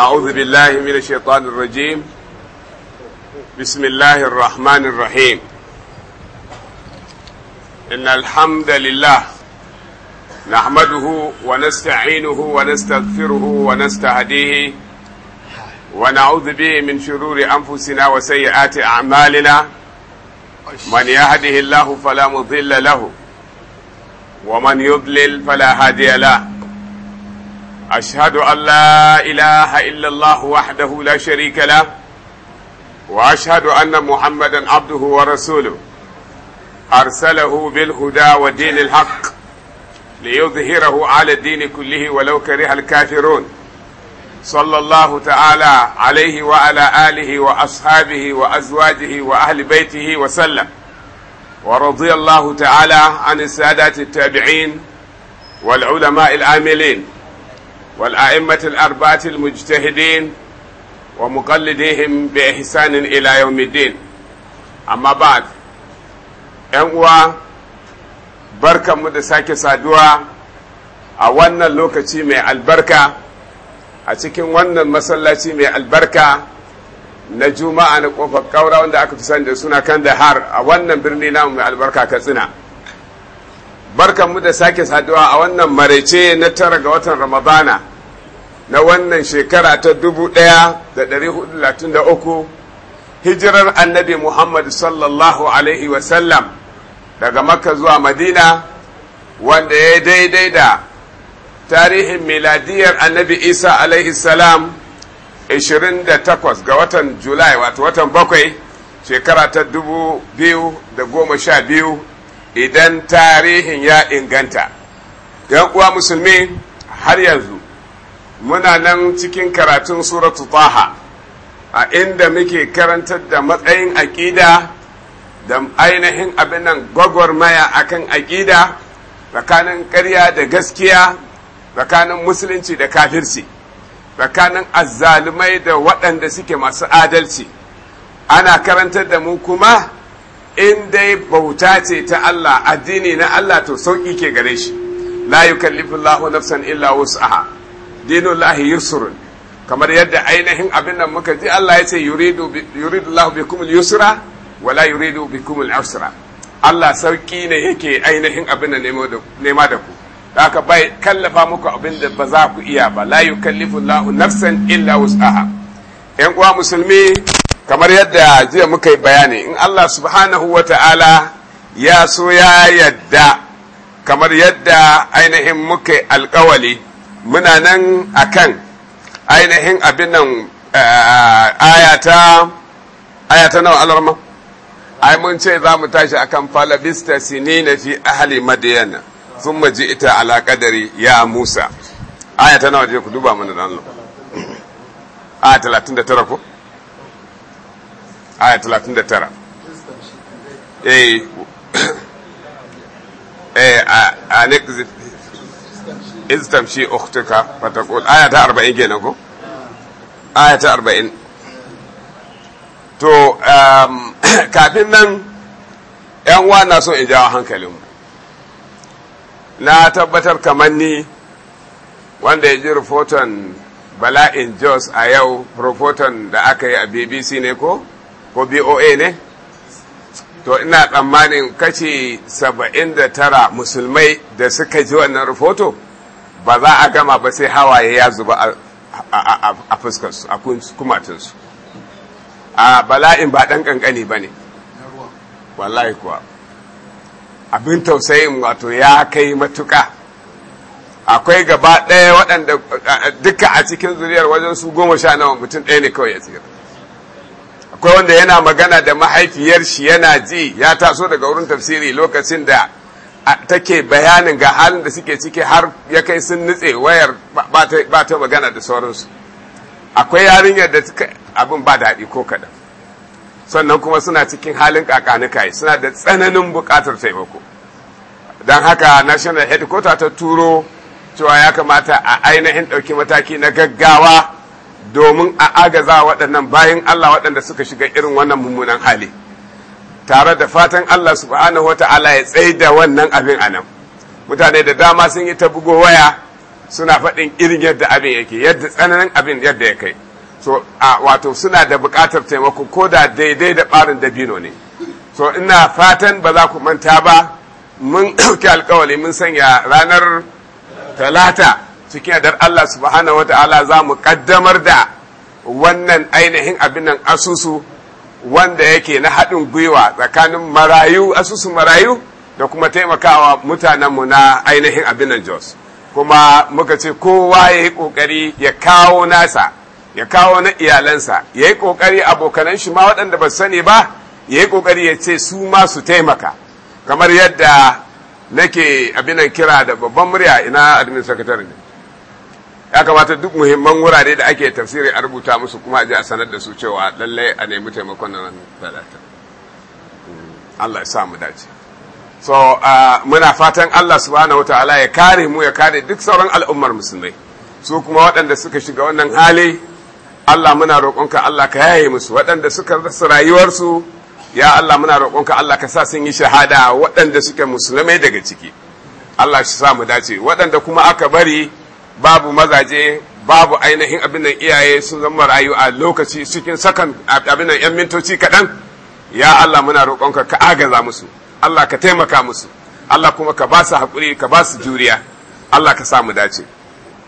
أعوذ بالله من الشيطان الرجيم بسم الله الرحمن الرحيم إن الحمد لله نحمده ونستعينه ونستغفره ونستهديه ونعوذ به من شرور أنفسنا وسيئات أعمالنا من يهده الله فلا مضل له ومن يضلل فلا هادي له أشهد أن لا إله إلا الله وحده لا شريك له وأشهد أن محمدا عبده ورسوله أرسله بالهدى ودين الحق ليظهره على الدين كله ولو كره الكافرون صلى الله تعالى عليه وعلى آله وأصحابه وأزواجه وأهل بيته وسلم ورضي الله تعالى عن السادات التابعين والعلماء العاملين والأئمة الأربعة المجتهدين ومقلديهم بإحسان إلى يوم الدين أما بعد ‘yan'uwa, barkanmu da sake saduwa a wannan lokaci mai albarka a cikin wannan masallaci mai albarka na juma'a na ƙofar ƙaura wanda aka fi sani da suna kan da har a wannan birni namu mai albarka katsina barkanmu da sake saduwa a wannan maraice na tara ga watan ramadana na wannan shekara ta 1433 hijirar annabi muhammad sallallahu alaihi wasallam daga makka zuwa madina wanda ya daidai da tarihin miladiyar annabi isa alaihi salam 28 ga watan julai wato watan bakwai shekara ta 2012 idan tarihin ya inganta yan uwa musulmi har yanzu muna nan cikin karatun suratu taha a inda muke karantar da matsayin aƙida da ainihin abin nan gwagwarmaya akan aƙida tsakanin karya da gaskiya tsakanin musulunci da kafirci tsakanin azzalumai da waɗanda suke masu adalci ana karantar da mu kuma in dai bauta ce ta Allah addini na Allah to sauƙi ke gare shi la yukallifu Allahu nafsan illa wus'aha dinu lahi yusr kamar yadda ainihin abin nan muka ji Allah ya ce yuridu yuridu Allahu bikum al-yusra wa la yuridu bikum al-usra Allah sauƙi ne yake ainihin abin nan nema da ku haka bai kallafa muku abin da ba za ku iya ba la yukallifu Allahu nafsan illa wus'aha ƴan uwa musulmi kamar yadda jiya muka yi bayani in Allah subhanahu wa ta'ala ya so ya yadda kamar yadda ainihin muka yi alkawali muna nan akan ainihin abin nan eh, ayata ayata nawa alarma ai mun ce za mu tashi akan falabista na fi ahali madiyana sun maji ita ala kadari ya musa ayata nawa je ku duba mana dan Allah a 39 ko aya 39 eh eh alik istamshi ukhtuka fataqul aya ta 40 kenan ko aya ta 40 to um, kafin nan yan uwa na so in jawo hankalin na tabbatar kamar ni wanda ya ji rufoton bala'in jos a yau rufoton da aka yi a bbc ne ko ko boa ne to ina tsammanin kashi saba'in da tara musulmai da suka ji wannan rufoto ba za a gama ba sai hawaye ya zuba a fuskarsu a kumatinsu a bala'in ba ɗan ƙanƙani ba ne wallahi kuwa abin tausayin wato ya kai matuƙa akwai gaba ɗaya waɗanda duka a cikin zuriyar wajen su goma sha nawa mutum ɗaya ne kawai ya tsira akwai wanda yana magana da mahaifiyar shi yana ji ya taso daga wurin tafsiri lokacin da take bayanin ga halin da suke ciki har ya kai sun nutse wayar ba ta magana da sauransu akwai yarinyar da abin ba daɗi ko kaɗan sannan kuma suna cikin halin kakanuka suna da tsananin buƙatar taimako don haka national headquarter ta turo cewa ya kamata a ainihin ɗauki mataki na gaggawa domin a agaza waɗannan bayan Allah waɗanda suka shiga irin wannan mummunan hali tare da fatan Allah subhanahu wa ta'ala ya tsaye da wannan abin a nan mutane da dama sun yi ta bugo waya suna faɗin irin yadda abin yake yadda tsananin abin yadda ya kai so a wato suna da buƙatar taimako ko da daidai da ɓarin dabino ne so ina fatan ba za ku manta ba mun ɗauki alkawali mun sanya ranar talata cikin yadda Allah subhanahu ta'ala za mu kaddamar da wannan ainihin abin nan asusu wanda yake na haɗin gwiwa tsakanin marayu asusu marayu da kuma taimakawa mutanenmu na ainihin abin nan Jos kuma muka ce kowa ya yi ƙoƙari ya kawo nasa ya kawo na iyalansa ya yi ƙoƙari abokanan shi ma waɗanda ba sani ba ya yi ƙoƙari ya ce su ma su taimaka kamar yadda nake abinan kira da babban murya ina admin ne ya kamata duk muhimman wurare da ake tafsiri a rubuta musu kuma a ji a sanar da su cewa lallai a nemi taimakon nan talata Allah ya sa mu dace so muna fatan Allah subhanahu wataala ya kare mu ya kare duk sauran al'ummar musulmai su kuma waɗanda suka shiga wannan hali Allah muna roƙonka Allah ka yaye musu waɗanda suka rasa rayuwarsu ya Allah muna roƙonka Allah ka sa sun yi shahada waɗanda suke musulmai daga ciki Allah shi sa mu dace waɗanda kuma aka bari babu mazaje babu ainihin abin nan iyaye sun zama rayu a lokaci cikin sakan abin nan yan mintoci kaɗan ya Allah muna roƙonka ka agaza musu Allah ka taimaka musu Allah kuma ka ba su haƙuri ka ba su juriya Allah ka samu dace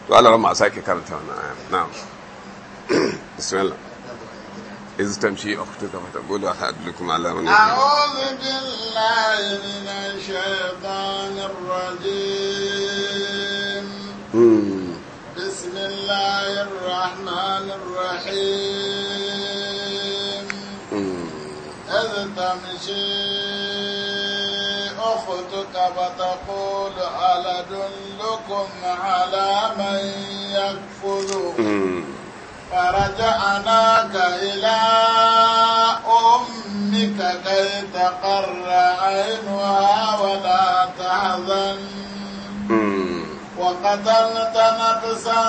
to Allah ma sake karanta wannan aya na'am bismillah إذ تمشي أختك فتقول أحدكم على من أعوذ بالله من الشيطان الرجيم الله الرحمن الرحيم إذ تمشي أختك فتقول هل أدلكم على من يكفله فرجعناك إلى أمك كي تقر عينها ولا تحزن وقتلت نفسا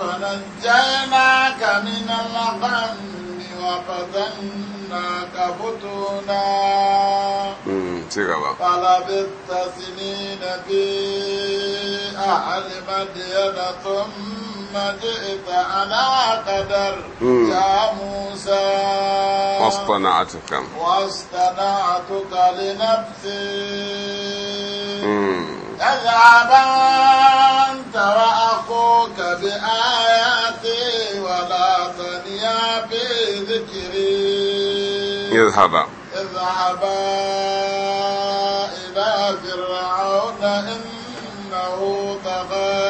فنجيناك من الغم وفتناك فتونا فلبثت سنين في أهل مدين ثم جئت على قدر يا موسى واصطنعتك واصطنعتك لنفسي اذهب أنت وأخوك بآياتي ولا تنيا في ذكري اذهبا اذهبا إلى فرعون إنه طغى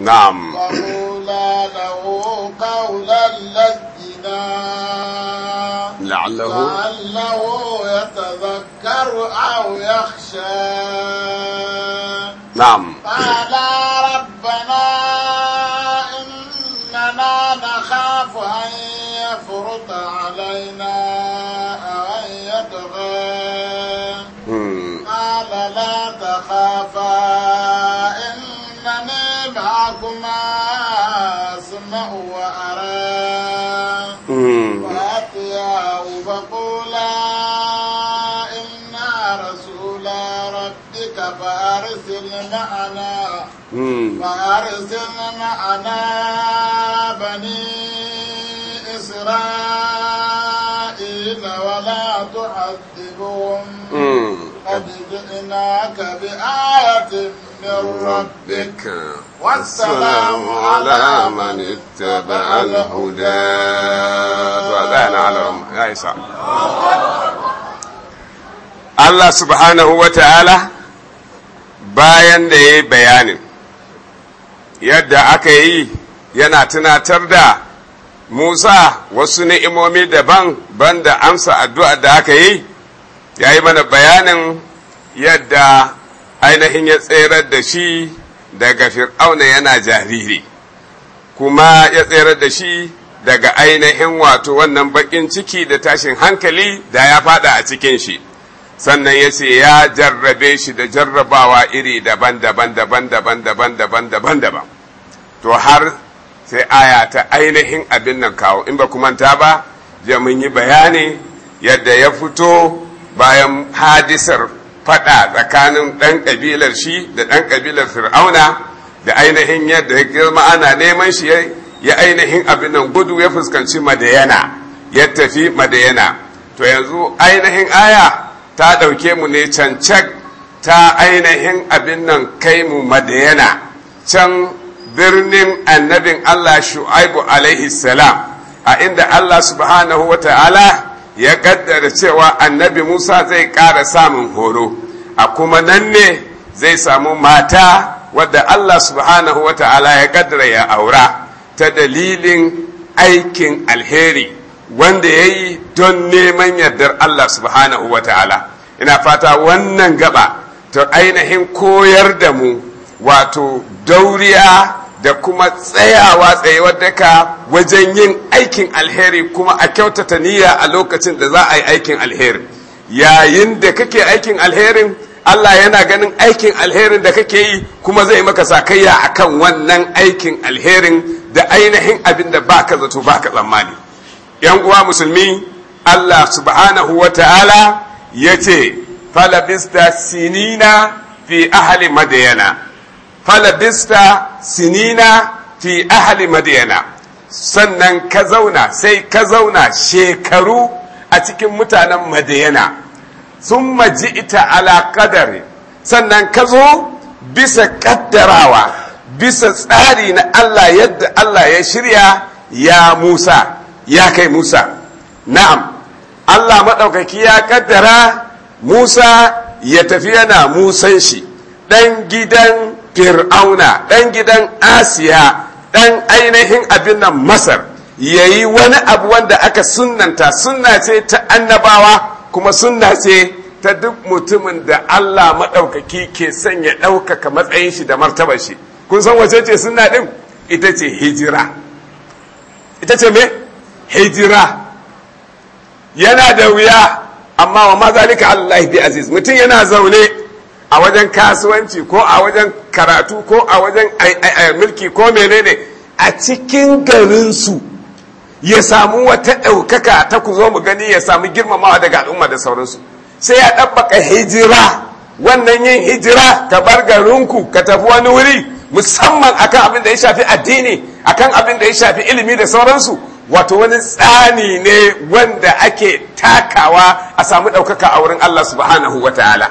نعم وقولا له قولا لينا لعله لعله يتذكر أو يخشى نعم قال ربنا إننا نخاف أن يفرط علينا أو أن يطغى قال لا تخافا إنني معكما معنا فأرسل معنا بني إسرائيل ولا تعذبهم قد جئناك بآية من ربك والسلام على من اتبع الهدى يا عيسى الله سبحانه وتعالى bayan da ya yi bayanin yadda aka yi yana tunatar da musa wasu ni'imomi daban ban da amsa addu'a da aka yi ya yi mana bayanin yadda ainihin ya tserar da shi daga fir'auna yana jariri kuma ya tserar da shi daga ainihin wato wannan bakin ciki da tashin hankali da ya fada a cikin shi sannan ya ce ya jarrabe shi da jarrabawa iri daban-daban daban-daban daban-daban daban-daban to har sai aya ta ainihin abin nan kawo in ba manta ba ya mun yi bayani yadda ya fito bayan hadisar fada tsakanin ɗan ƙabilar shi da ɗan ƙabilar fir'auna da ainihin yadda ya girma ana neman shi ya ainihin abin nan gudu ya fuskanci madayana ya tafi madayana to yanzu ainihin aya ta ɗauke mu ne can cancak ta ainihin abin nan kai mu madayana can birnin annabin Allah shu'aibu alaihi salam a inda Allah subhanahu wa ta'ala ya kaddara cewa annabi Musa zai ƙara samun horo a kuma nan ne zai samu mata wadda Allah subhanahu wa ta'ala ya kaddara ya aura ta dalilin aikin alheri wanda ya yi don neman yardar Allah subhanahu wa ta'ala ina fata wannan gaba ta ainihin koyar da mu wato dauriya da kuma tsayawa tsayewar daga wajen yin aikin alheri kuma a kyautata niyya a lokacin da za a yi aikin alheri yayin da kake aikin alherin Allah yana ganin aikin alherin da kake yi kuma zai maka sakayya akan wannan aikin alherin da ainihin abin da baka zato baka tsammani yan uwa musulmi Allah subhanahu wa ta'ala ya ce falabista sinina fi ahali madiyana falabista sinina fi ahali madiyana sannan ka zauna sai ka zauna shekaru a cikin mutanen madiyana sun maji ita ala kadari sannan ka zo bisa kaddarawa bisa tsari na Allah yadda Allah ya shirya ya Musa ya kai Musa na'am Allah maɗaukaki ya kaddara Musa ya tafi yana musan shi ɗan gidan fir'auna ɗan gidan asiya ɗan ainihin abin nan masar ya yi wani abu wanda aka sunanta sunna ce ta annabawa kuma sunna ce ta duk mutumin da Allah maɗaukaki ke son ya ɗaukaka matsayin shi da martaba shi kun san wace ce sunna din? ita ce hijira ita ce me hijira yana da wuya amma wa ma nika Allah bi aziz mutum yana zaune a wajen kasuwanci ko a wajen karatu ko a wajen mulki ko menene a cikin garinsu ya samu wata ɗaukaka ta ku zo mu gani ya samu girmamawa daga al'umma da sauransu sai ya ɗabbaka hijira wannan yin hijira ka bar garinku ka tafi wani wuri musamman akan abin da ya shafi addini akan abin da ya shafi ilimi da sauransu wato wani tsani ne wanda ake takawa a samu ɗaukaka a wurin Allah subhanahu wa ta'ala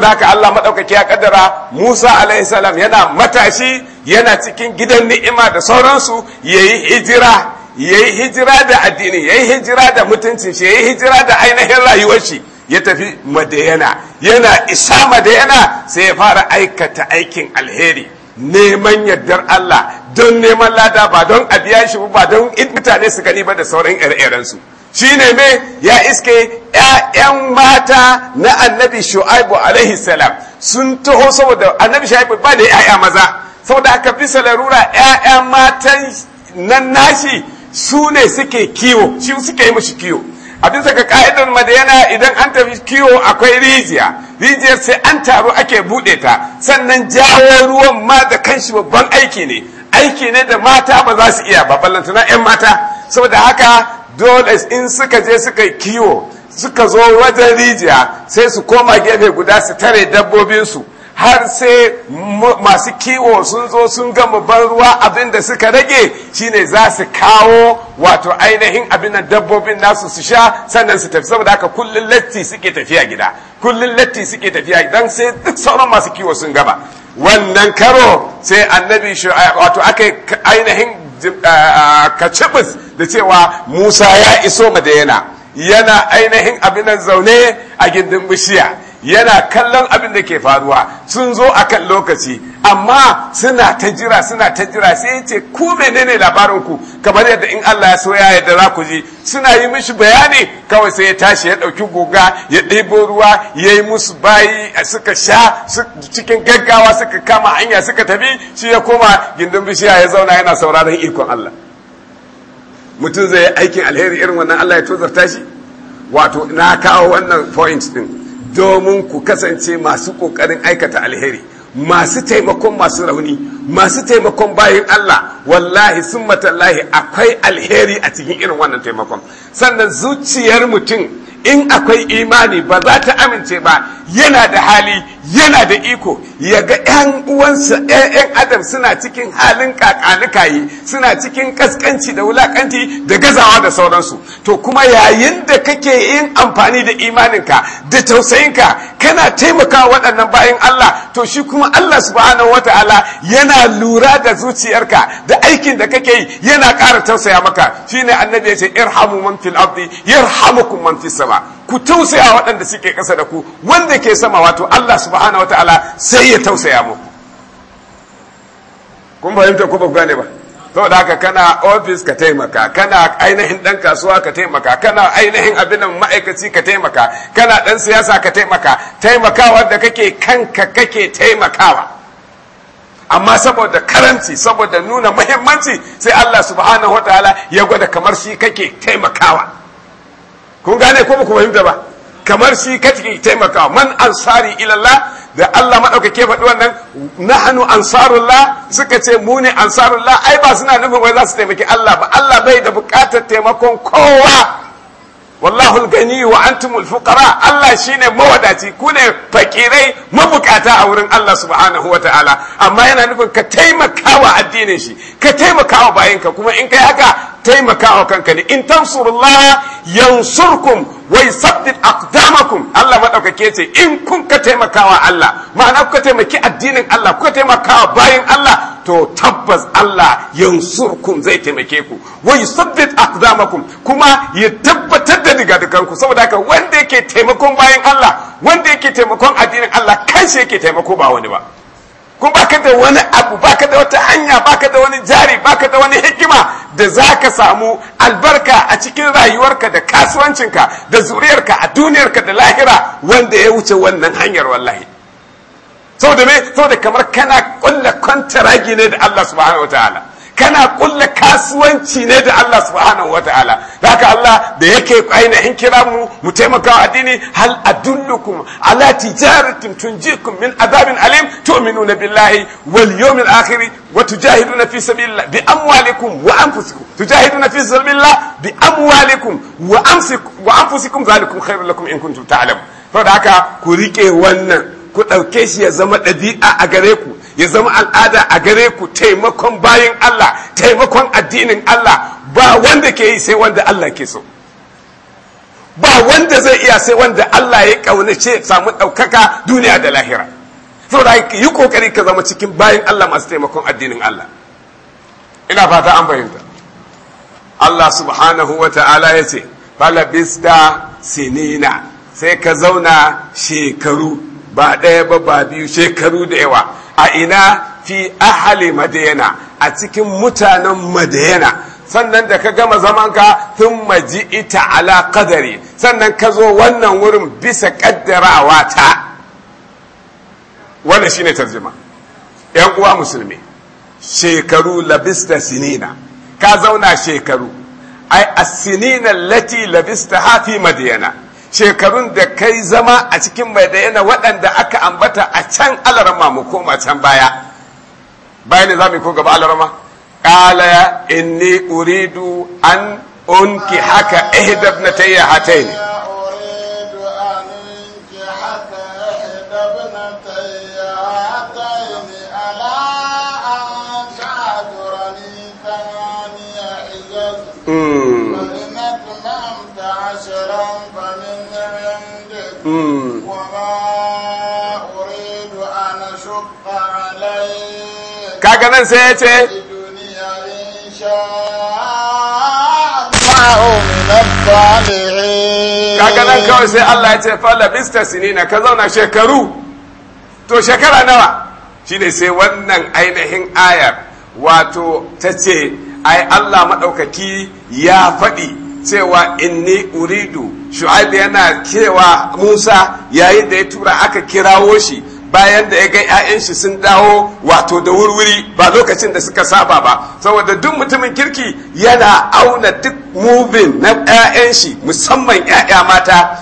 da haka Allah maɗaukaki ya ƙaddara Musa alaihi yana matashi yana cikin gidan ni'ima da sauransu yayi hijira yi hijira da addini ya yi hijira da mutuncin shi yi hijira da ainihin rayuwar shi ya tafi madayana yana isa madayana sai ya fara aikata aikin alheri neman yardar Allah don neman lada ba don a biya shi ba don in mutane su gani ba da sauran ire-irensu shi ne me ya iske ‘ya'yan mata na annabi shu'aibu alaihi salam sun taho saboda annabi shu'aibu ba da ‘ya'ya maza saboda aka bisa larura ‘ya'ya matan nan nashi su ne suke kiwo shi suke yi mashi kiwo a bisa ga ka'idar madayana idan an tafi kiwo akwai rijiya rijiyar sai an taru ake bude ta sannan jawo ruwan ma da kanshi babban aiki ne aiki ne da mata ba za su iya ba ballantana 'yan mata saboda haka dole in suka je suka kiwo suka zo wajen rijiya sai su koma gefe guda su tare dabbobinsu har sai masu kiwo sun zo sun gama ban ruwa abin da suka rage shine za su kawo wato ainihin abin dabbobin nasu su sha sannan su tafi saboda haka kullun latti suke tafiya gida kullun latti suke tafiya dan sai duk sauran masu kiwo sun gama wannan karo sai annabi eh, wato aka ainihin eh, eh, kacibis da cewa musa ya iso madayana yana ainihin abin zaune a gindin bishiya yana kallon abin da ke faruwa sun zo a kan lokaci amma suna ta jira suna ta jira sai ya ce ku menene labarin ku kamar yadda in Allah ya so ya yadda za ku ji suna yi mishi bayani kawai sai ya tashi ya ɗauki goga ya ɗebo ruwa ya yi musu bayi suka sha cikin gaggawa suka kama hanya suka tafi shi ya koma gindin bishiya ya zauna yana sauraron ikon Allah mutum zai yi aikin alheri irin wannan Allah ya tozarta shi wato na kawo wannan point din domin ku kasance masu kokarin aikata alheri masu taimakon masu rauni masu taimakon bayan Allah wallahi sun matallahi akwai alheri a cikin irin wannan taimakon sannan zuciyar mutum in akwai imani ba za ta amince ba yana da hali yana da iko ya ga 'yan uwansa 'yan adam suna cikin halin kakanikayi suna cikin kaskanci da wulakanci da gazawa da sauransu to kuma yayin da kake yin amfani da imaninka da tausayinka kana taimakawa waɗannan bayan Allah to shi kuma Allah subhanahu wata'ala yana lura da zuciyarka da aikin da kake yi yana ƙara tausaya maka shine annabi ya ce irhamu man fil ardi yarhamukum man fis sama ku tausaya waɗanda suke ƙasa da ku wanda ke sama wato Allah subhanahu wata'ala sai ya tausaya muku kun fahimta ku ba gane ba da haka kana ofis ka taimaka kana ainihin dan kasuwa ka taimaka kana ainihin abin ma'aikaci ka taimaka kana dan siyasa ka taimaka taimakawa da kake kanka kake taimakawa amma saboda karanci saboda nuna muhimmanci sai Allah subhanahu wataala ya gwada kamar shi kake taimakawa kun gane ko ba ku fahimta ba kamar shi kake taimaka man ansari ilalla da Allah maɗaukake faɗi wannan nahnu ansarullah suka ce mu ne ansarullah ai ba suna nufin wai za su taimaki Allah ba Allah bai da buƙatar taimakon kowa wallahu gani wa antumul fuqara Allah shine mawadaci ku ne fakirai mabukata a wurin Allah subhanahu wa ta'ala amma yana nufin ka taimakawa addinin shi ka taimakawa bayanka kuma in kai haka taimakawa kanka ne in tansurullah yansurkum wa yusaddid aqdamakum Allah madaukake ce in kun ka taimakawa Allah ma'ana kuka taimaki addinin Allah kuka taimakawa bayan Allah to tabbas Allah yansurkum zai taimake ku wa yusaddid aqdamakum kuma ya tabbatar da dukanku saboda haka wanda yake taimakon bayan Allah wanda yake taimakon addinin Allah shi yake taimako ba wani ba ko baka da wani abu baka da wata hanya baka da wani jari baka da wani hikima da za ka samu albarka a cikin rayuwarka da kasuwancinka da zuriyarka a duniyarka da lahira wanda ya wuce wannan hanyar wallahi saboda me saboda kamar kana kulla kwantaragi ne da Allah subhanahu Ta'ala. kana kulla kasuwanci ne da Allah subhanahu wa ta'ala haka Allah da yake ainihin kira mu mu taimaka wa addini hal adullukum ala tijaratin tunjikum min adabin alim tu'minuna billahi wal yawmil akhir wa tujahiduna fi sabilillah bi amwalikum wa anfusikum tujahiduna fi sabilillah bi amwalikum wa anfusikum wa anfusikum zalikum khairul lakum in kuntum ta'lamun to haka ku rike wannan ku ɗauke shi ya zama ɗabi'a a gare ku ya zama al'ada a gare ku taimakon bayan Allah taimakon addinin Allah ba wanda ke yi sai wanda Allah ke so ba wanda zai iya sai wanda Allah ya ƙaunace samu ɗaukaka duniya da lahira da yi kokari ka zama cikin bayan Allah masu taimakon addinin Allah ina fata an fahimta Allah subhanahu wa ta'ala ya ce falabista sinina sai ka zauna shekaru ba ɗaya ba ba biyu shekaru da yawa a ina fi ahali madayana a cikin mutanen madayana sannan da ka gama zamanka sun maji ita ala kadari sannan ka zo wannan wurin bisa kaddarawa ta wannan shine tarjima yan uwa musulmi shekaru labista sinina ka zauna shekaru ai as-sinina lati labista hafi madiyana shekarun da kai zama a cikin mai yana waɗanda aka ambata a can alarama mu koma can baya bayan da za mu ko gaba alarama ƙala inni uridu an unki haka ihdab na ta hatai ne Mm. kaga nan sai ya ce kaga nan kawai sai Allah ya ce falla bista sinina ka zauna shekaru to shekara nawa shi ne sai wannan ainihin ayar wato ta ce ai Allah maɗaukaki ya faɗi cewa inni uridu shu'aib yana kewa musa yayin da ya tura aka kirawo shi bayan da ya ga 'ya'yan shi sun dawo wato da wurwuri ba lokacin da suka saba ba saboda duk mutumin kirki yana auna duk mubin na 'ya'yan shi musamman 'ya'ya mata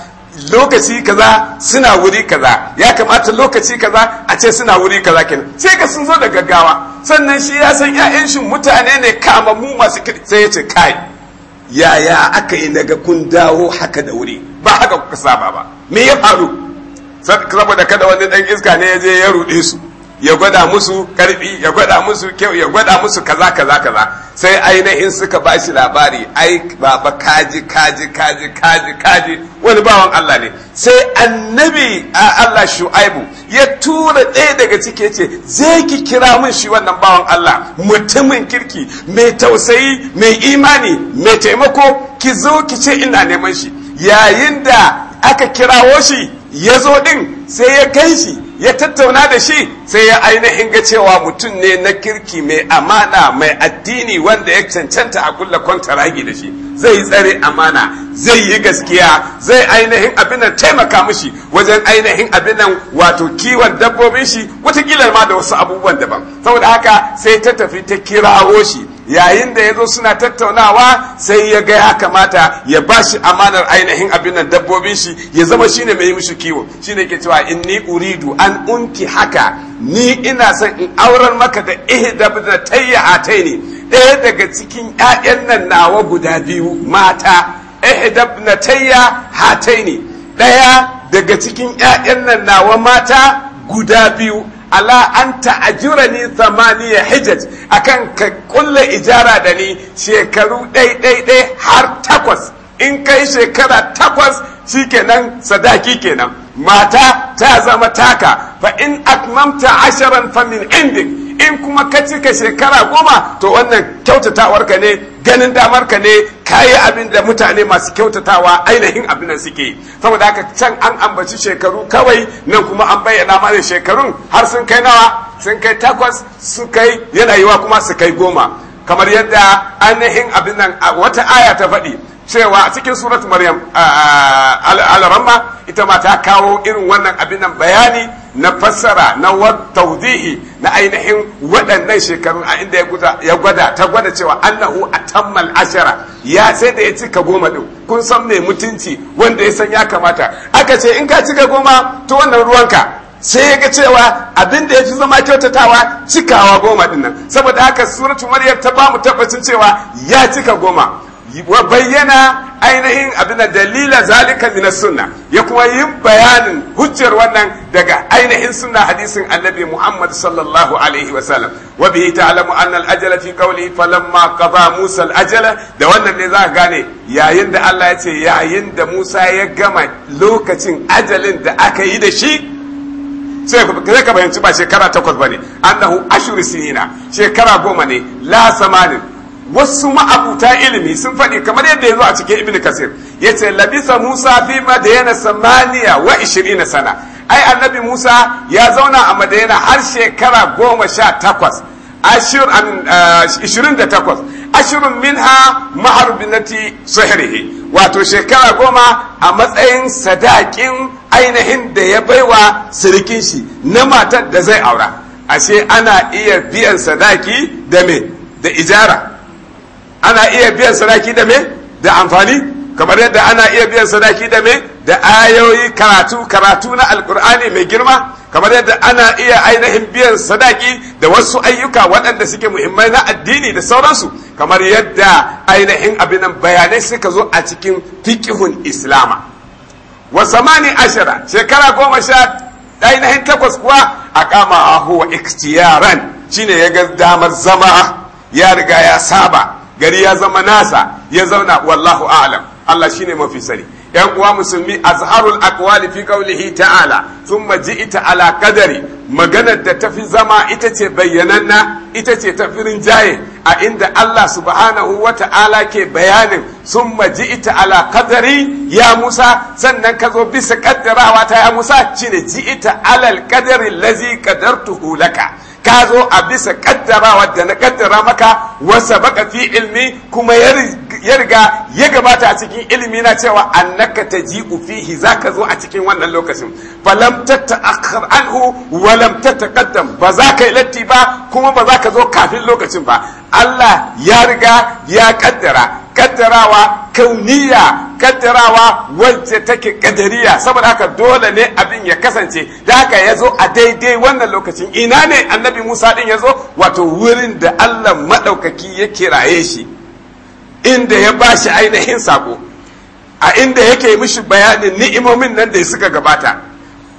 lokaci kaza suna wuri kaza ya kamata lokaci kaza a ce suna wuri kaza kenan sai ka sun zo da gaggawa sannan shi ya san 'ya'yan shi mutane ne kama mu masu sai ya ce kai yaya aka yi daga kun dawo haka da wuri ba haka kuka saba ba me ya faru saboda kada wani dan iska ne ya je ya rude su ya gwada musu karfi ya gwada musu kyau ya gwada musu kaza kaza kaza sai ainihin suka ba shi labari ai baba kaji kaji kaji kaji kaji wani bawan Allah ne sai annabi a Allah shu'aibu ya tura ɗaya daga ciki ce zai ki kira mun shi wannan bawan Allah mutumin kirki mai tausayi mai imani mai taimako ki zo ki ce ina neman shi yayin da aka kirawo shi ya zo din sai ya kai shi ya tattauna da shi sai ya ainihin ga cewa mutum ne na kirki mai amana mai addini wanda ya cancanta a kulla kwantaragi da shi zai tsare amana zai yi gaskiya zai ainihin abin taimaka mushi wajen ainihin abin nan wato kiwon dabbobin shi watakila ma da wasu abubuwan daban saboda haka sai ta tafi ta kirawo shi yayin da ya zo suna tattaunawa sai ya ga ya kamata ya ba shi amanar ainihin abin nan dabbobin shi ya zama shine mai yi mishi kiwo shine ke cewa ni uridu an unki haka ni ina son in aurar maka da ihe da tayya ne ɗaya daga cikin ƴaƴan nan nawa guda biyu mata ihdab na tayya hataini ɗaya daga cikin ƴaƴan nan nawa mata guda biyu ala an ta'ajura ni thamaniya hijaj akan ka kulle ijara da ni shekaru ɗaiɗaiɗai har takwas in kai shekara takwas shikenan sadaki kenan mata ta zama taka fa in akmamta asharan famin indik in kuma ka cika shekara goma to wannan kyautatawar ka ne ganin damar ka ne kayi abin da mutane masu kyautatawa ainihin abin da suke saboda haka can an ambaci shekaru kawai nan kuma an bayyana mana shekarun har sun kai nawa sun kai takwas su kai yanayiwa kuma su kai goma kamar yadda ainihin abin nan wata aya ta faɗi cewa a cikin surat maryam al-ramma ita ma ta kawo irin wannan abin nan bayani na fassara na tawdihi na ainihin waɗannan shekarun a inda ya gwada ta gwada cewa annahu a tammal ashara ya sai da ya cika goma ɗin kun san mai mutunci wanda ya san ya kamata aka ce in ka cika goma to wannan ruwanka sai ya ga cewa abin da ya fi zama kyautatawa cikawa goma ɗin nan saboda haka suratu maryam ta bamu tabbacin cewa ya cika goma wa bayyana ainihin abin da dalila zalika min sunna ya kuma yi bayanin hujjar wannan daga ainihin sunna hadisin annabi Muhammad sallallahu alaihi wasallam wa bihi ta'lamu anna al-ajala fi qawli falamma qada Musa al-ajala da wannan ne za ka gane yayin da Allah ya ce yayin da Musa ya gama lokacin ajalin da aka yi da shi sai ka fahimci ba shekara takwas ba ne annahu ashuru sinina shekara goma ne la samanin wasu ma'abuta ilimi sun faɗi kamar yadda ya zo a cikin ibn kasir ya ce labisa musa fi madayana samaniya wa ishirin sana ai annabi musa ya zauna a madayana har shekara goma sha takwas ashirin da takwas ashirin min minha maharbinati sahirihi wato shekara goma a matsayin sadakin ainihin da ya baiwa sirikin shi na matar da zai aura ashe ana iya biyan sadaki da me da ijara ana iya biyan sadaki da me da amfani kamar yadda ana iya biyan sadaki da me da ayoyi karatu karatu na alkur'ani mai girma kamar yadda ana iya ainihin biyan sadaki da wasu ayyuka waɗanda suke muhimmai na addini da sauransu kamar yadda ainihin abinan bayanai suka zo a cikin fikihun islama wa samani ashara shekara goma sha ainihin takwas kuwa a kama huwa iktiyaran shine ya ga damar zama ya riga ya saba gari ya zama nasa ya zauna wallahu a'lam Allah shine mafi sani yan uwa musulmi azharul aqwali fi qawlihi ta'ala thumma ji'ta ala qadari maganar da tafi zama ita ce bayyananna ita ce tafi rinjaye a inda Allah subhanahu wa ta'ala ke bayanin thumma ji'ta ala qadari ya Musa sannan ka zo bisa kaddarawa ta ya Musa shine ji'ta alal qadari allazi qadartuhu laka ka zo a bisa ƙaddarawa da na kaddara maka wasa baka fi ilmi kuma ya riga ya gabata a cikin ilmi na cewa annaka taji'u za zaka zo a cikin wannan lokacin falam tata'akhkhar anhu wa lam tataqaddam ba za ka yi latti ba kuma ba za ka zo kafin lokacin ba Allah ya riga ya kaddara kaddarawa kauniya kaddarawa wacce take kadariya saboda haka dole ne abin ya kasance da haka ya zo a daidai wannan lokacin ina ne annabi musa din ya zo wato wurin da allah maɗaukaki ya kiraye shi inda ya ba shi ainihin sako a inda yake mishi bayanin ni'imomin nan da suka gabata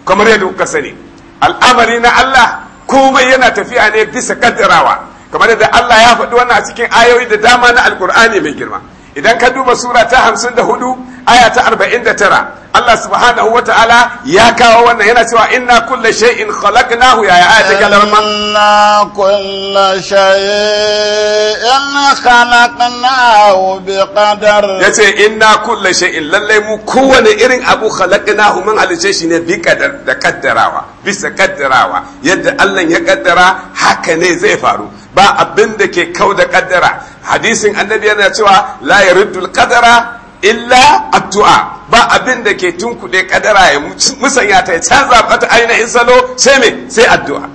kamar yadda kuka sani al'amari na allah komai yana tafiya ne bisa kaddarawa kamar da Allah ya faɗi wannan a cikin ayoyi da dama na alkur'ani mai girma idan ka duba sura ta hamsin da hudu aya ta arba'in da tara Allah subhanahu wa ta'ala ya kawo wannan yana cewa inna kulla shay'in khalaqnahu ya aya ta kalama inna kulla shay'in khalaqnahu bi qadar yace inna kulla shay'in lalle mu kowane irin abu khalaqnahu mun alice shi ne bi qadar da kaddarawa bisa kaddarawa yadda Allah ya kaddara haka ne zai faru ba abin da ke kau da kaddara hadisin annabi yana cewa la yaruddul qadara illa addu'a ba abin da ke tunkuɗe kadara ya musanya ta ya canza mata ainihin salo sai me sai addu'a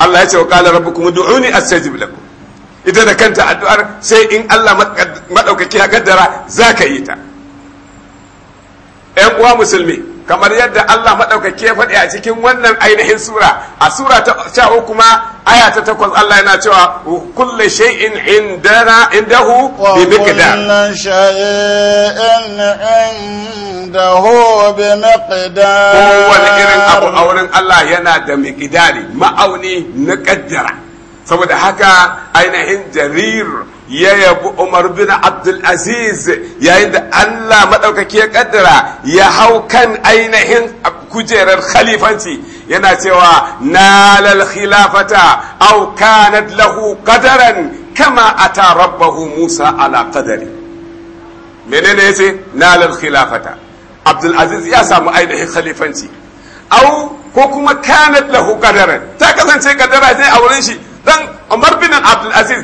Allah ya ce wa qala rabbukum ud'uni astajib lakum ita da kanta addu'ar sai in Allah madaukaki ya kaddara zaka yi ta ƴan uwa musulmi kamar yadda Allah maɗaukaki ya faɗi a cikin wannan ainihin sura a sura ta sha uku ma aya ta takwas Allah yana cewa kullu shay'in indana indahu bi miqdar kullu shay'in indahu bi miqdar kowane irin abu a wurin Allah yana da miqdari ma'auni na kaddara saboda haka ainihin jarir ya yabi Umar bin Abdul Aziz yayin da Allah madaukake ya kaddara ya hau kan ainihin kujerar khalifanci yana cewa nalal khilafata au kanat lahu qadaran kama ata rabbahu Musa ala qadari menene yace nalal khilafata Abdul Aziz ya samu ainihin khalifanci au ko kuma kanat lahu qadaran ta kasance kadara ne a wurin shi dan Umar bin Abdul Aziz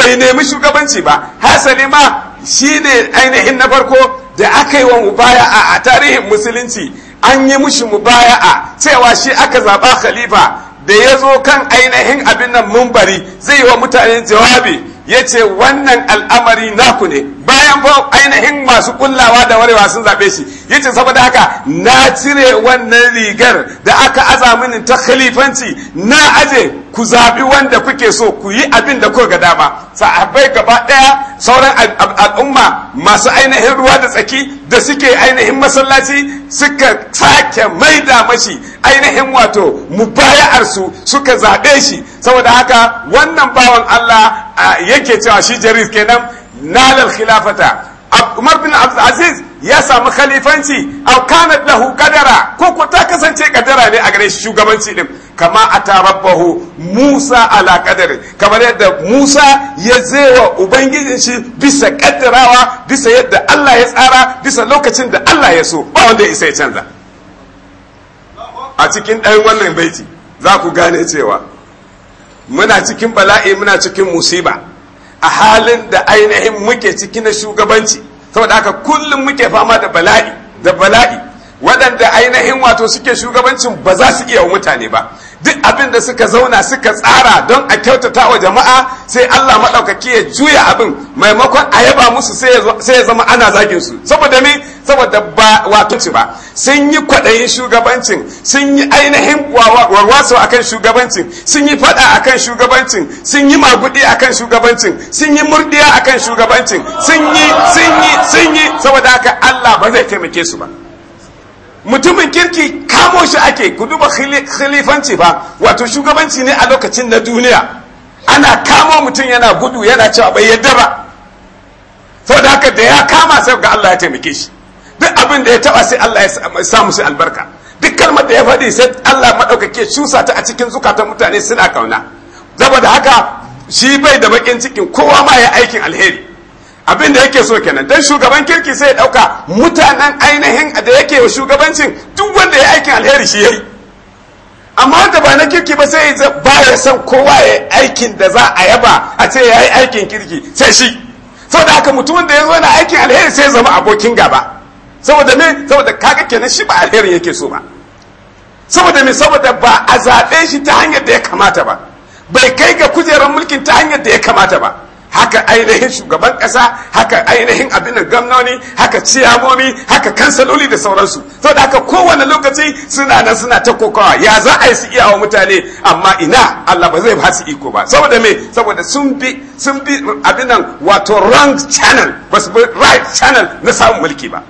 bai nemi shugabanci ba hasali ma ne ainihin na farko da aka yi wa mubaya'a a tarihin musulunci an yi mushi mubaya'a cewa shi aka zaba khalifa da ya zo kan ainihin abin nan mumbari zai yi wa mutane jawabi ya ce wannan al'amari naku ne bayan ba ainihin masu kullawa da warewa sun zaɓe shi ya ce saboda haka na cire wannan rigar da aka aza mini ta khalifanci na aje ku zaɓi wanda kuke so ku yi abin da kuka ga dama sahabbai gaba ɗaya sauran al'umma masu ainihin ruwa da tsaki da suke ainihin masallaci suka sake mai da mashi ainihin wato mubaya'arsu suka zaɓe shi saboda haka wannan bawan Allah yake cewa shi jarir kenan nalal khilafata umar bin aziz ya samu khalifanci aw kanat lahu qadara ko ko ta kasance kadara ne a gare shi shugabanci din kama atarabbahu musa ala qadari kamar yadda musa ya zewa ubangijin shi bisa kaddarawa bisa yadda Allah ya tsara bisa lokacin da Allah ya so ba wanda ya isa ya canza a cikin dan wannan baiti za ku gane cewa muna cikin bala'i muna cikin musiba a halin da ainihin muke ciki na shugabanci saboda haka kullum muke fama da bala'i da bala'i waɗanda ainihin wato suke shugabancin ba za su iya wa mutane ba duk abin da suka zauna suka tsara don a kyautata wa jama'a sai Allah maɗaukaki ya juya abin maimakon a yaba musu sai ya zama ana zagin su saboda ni saboda ba wato ci ba sun yi kwaɗayin shugabancin sun yi ainihin warwaso akan shugabancin sun yi faɗa akan shugabancin sun yi magudi akan shugabancin sun yi murdiya akan shugabancin sun yi sun yi sun yi saboda haka Allah ba zai taimake su ba mutumin kirki kamo shi ake ku duba khalifanci ba wato shugabanci ne a lokacin na duniya ana kamo mutum yana gudu yana cewa bai yadda ba saboda haka da ya kama sai ga Allah ya taimake shi duk abin da ya taba sai Allah ya samu musu albarka duk kalmar da ya faɗi sai Allah madaukake cusa ta a cikin zukatan mutane suna kauna saboda haka shi bai da bakin cikin kowa ma ya aikin alheri abin da yake so kenan dan shugaban kirki sai ya dauka mutanen ainihin da yake wa shugabancin duk wanda ya aikin alheri shi yayi amma da ba na kirki ba sai ya ba ya san kowa ya aikin da za a yaba a ce ya aikin kirki sai shi saboda haka mutumin da ya zo na aikin alheri sai ya zama abokin gaba saboda me saboda kaga kenan shi ba alherin yake so ba saboda me saboda ba a zaɓe shi ta hanyar da ya kamata ba bai kai ga kujerar mulkin ta hanyar da ya kamata ba haka ainihin shugaban kasa haka ainihin abin da gamnoni haka ciyamomi haka kansaloli da sauransu to da haka kowane lokaci suna nan suna ta kokawa ya za a yi su iyawa mutane amma ina Allah ba zai ba su iko ba saboda me saboda sun bi sun bi abin nan wato wrong channel ba su bi right channel na samun mulki ba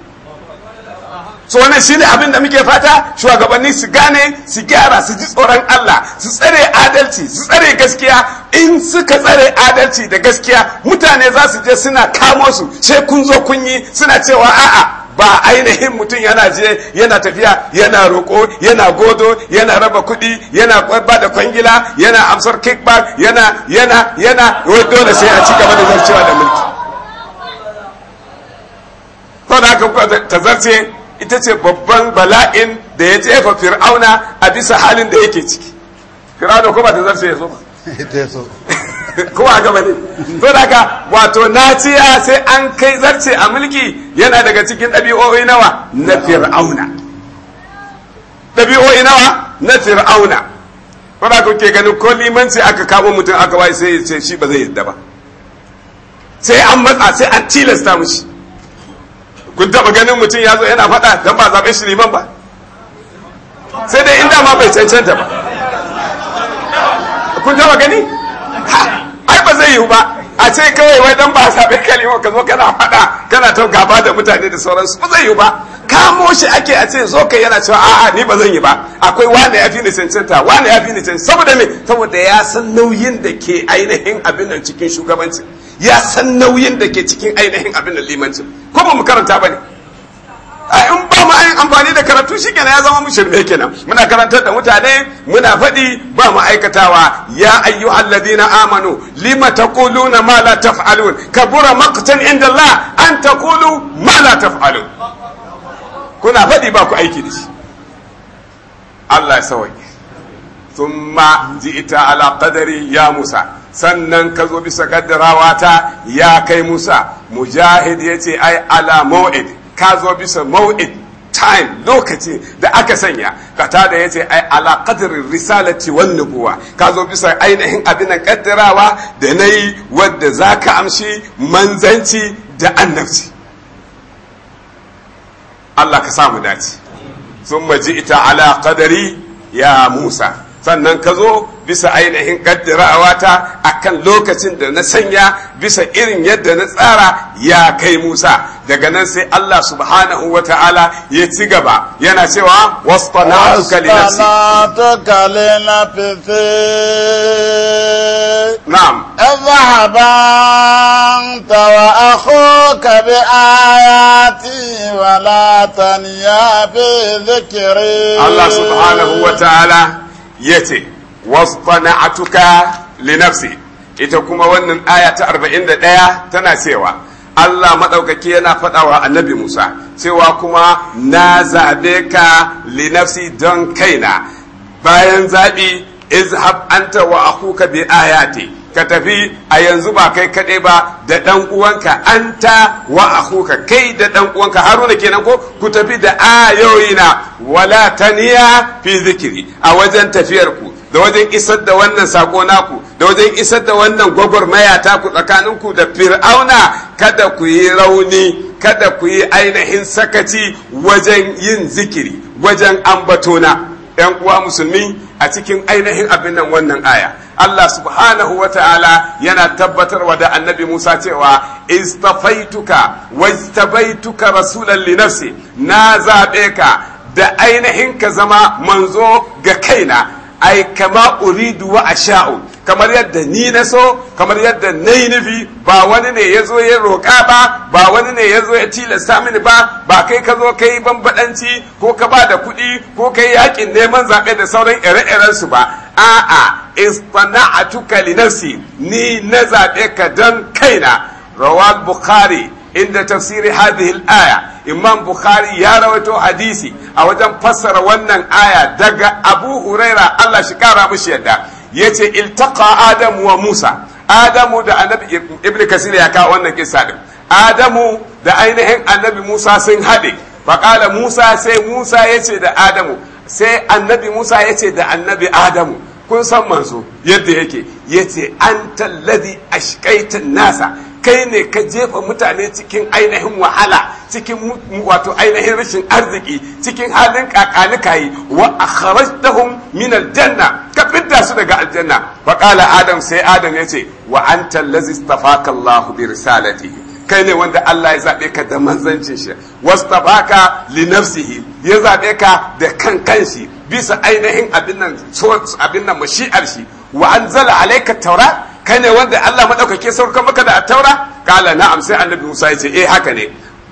so wannan shine abin da muke fata shugabanni su gane su gyara su ji tsoron Allah su tsare adalci su tsare gaskiya in suka tsare adalci da gaskiya mutane za su je suna kamo su sai kun zo kun yi suna cewa a'a ba ainihin mutum yana je yana tafiya yana roƙo yana godo yana raba kuɗi yana ba da kwangila yana amsar kickback yana yana yana dole sai a ci gaba da zarcewa da mulki ko da haka ta zarce ita ce babban bala'in da ya jefa fir'auna a bisa halin da yake ciki fir'auna kuma ba ta zarce ya zo ba kuma a gaba ne to daga wato naciya ah, sai an kai zarce a mulki yana daga cikin ɗabi'o'i nawa na fir'auna ɗabi'o'i nawa na fir'auna ko ka ke gani ko limanci aka kawo mutum aka wai sai ce shi ba zai yadda ba sai an matsa sai an tilasta mushi kun taba ganin mutum ya zo yana faɗa don ba zaɓe shi liman ba sai dai inda ma bai cancanta ba kun taba gani ai ba zai yiwu ba a ce kawai wai dan ba zaɓe kalima ka zo kana faɗa kana ta gaba da mutane da sauransu ba zai yiwu ba kamo shi ake a ce zo kai yana cewa a'a ni ba zan yi ba akwai wani ya fi ni cancanta wani ya fi ni cancanta saboda me saboda ya san nauyin da ke ainihin abin nan cikin shugabanci ya san nauyin da ke cikin ainihin abin da limancin ko ba mu karanta ba ne in ba mu ayin amfani da karatu shi kenan ya zama mu shirme kenan muna karantar da mutane muna faɗi ba mu aikatawa ya ayyuhal na amanu lima taquluna ma la taf'alun kabura maqtan inda Allah an taqulu ma la taf'alun kuna faɗi ba ku aiki da shi Allah ya sauke ثم جئت ala قدري ya Musa. sannan ka zo bisa kaddarawa ta ya kai musa mujahid ya ce ai ala maw'id ka zo bisa maw'id time lokaci da aka sanya kata da ya ce ai ala qadrin risalati wan nubuwa ka zo bisa ainihin abin kaddarawa da nayi wadda zaka amshi manzanci da annabci Allah ka samu dace sun maji ita ala qadari ya Musa sannan ka zo bisa ainihin kaddarawa ta kan lokacin da na sanya bisa irin yadda na tsara ya kai Musa daga nan sai Allah subhanahu wa ta'ala ya ci gaba yana cewa wastana'uka linafsi na'am اذهبا أنت وأخوك بآياتي ولا تنيا في ya ce li linafsi ita kuma wannan aya ta 41 tana cewa Allah maɗaukaki yana faɗawa annabi Musa cewa kuma na zaɓe ka linafsi don kaina bayan zaɓi izhab anta wa akuka bi ayati ka tafi a yanzu ba kai kaɗai ba da ɗan uwanka an ta wa akuka kai da ɗan uwanka haruna kenan ko ku tafi da ayoyina wala taniya fi zikiri a wajen tafiyarku ku da wajen isar da wannan sako naku da wajen isar da wannan gwagwarmaya ta ku tsakaninku da fir'auna kada ku yi rauni kada ku yi ainihin sakaci wajen yin zikiri wajen ambatona 'yan uwa musulmi a cikin ainihin abin nan wannan aya Allah subhanahu wa ta'ala yana tabbatarwa da annabi Musa cewa istafaituka wajtabaituka rasulan li na zaɓe ka da ainihin ka zama manzo ga kaina ai kama uridu wa asha'u kamar yadda ni na so kamar yadda na yi nufi ba wani ne ya zo ya roƙa ba ba wani ne ya zo ya tilasta mini ba ba kai ka zo ka yi bambaɗanci ko ka ba da kuɗi ko ka yi yaƙin neman zaɓe da sauran ire-iren su ba a'a a li nafsi ni na zaɓe ka don kaina rawal bukhari inda tafsiri hadhihi al-aya imam bukhari ya rawaito hadisi a wajen fassara wannan aya daga abu huraira allah shi kara mushi yadda yace iltaka adamu wa musa adamu da annabi ibnu kasir ya kawo wannan kissa din adamu da ainihin annabi musa sun haɗe faƙala musa sai musa ya ce da adamu sai annabi musa ya ce da annabi adamu kun san manzo yadda yake ya ce an talladi ashkaitan nasa kai ne ka jefa mutane cikin ainihin wahala cikin wato ainihin rashin arziki cikin halin yi wa akhrajtahum min aljanna ka fidda su daga aljanna fa qala adam sai adam yace wa anta allazi istafaka Allah bi risalatihi kai ne wanda Allah ya zabe ka da manzancin shi wastafaka li nafsihi ya zaɓe ka da kan kanshi bisa ainihin abin nan abin nan mashi'ar shi wa anzala alayka taura kai ne wanda Allah madaukake saukar maka da taura kala na'am sai annabi Musa ya ce eh haka ne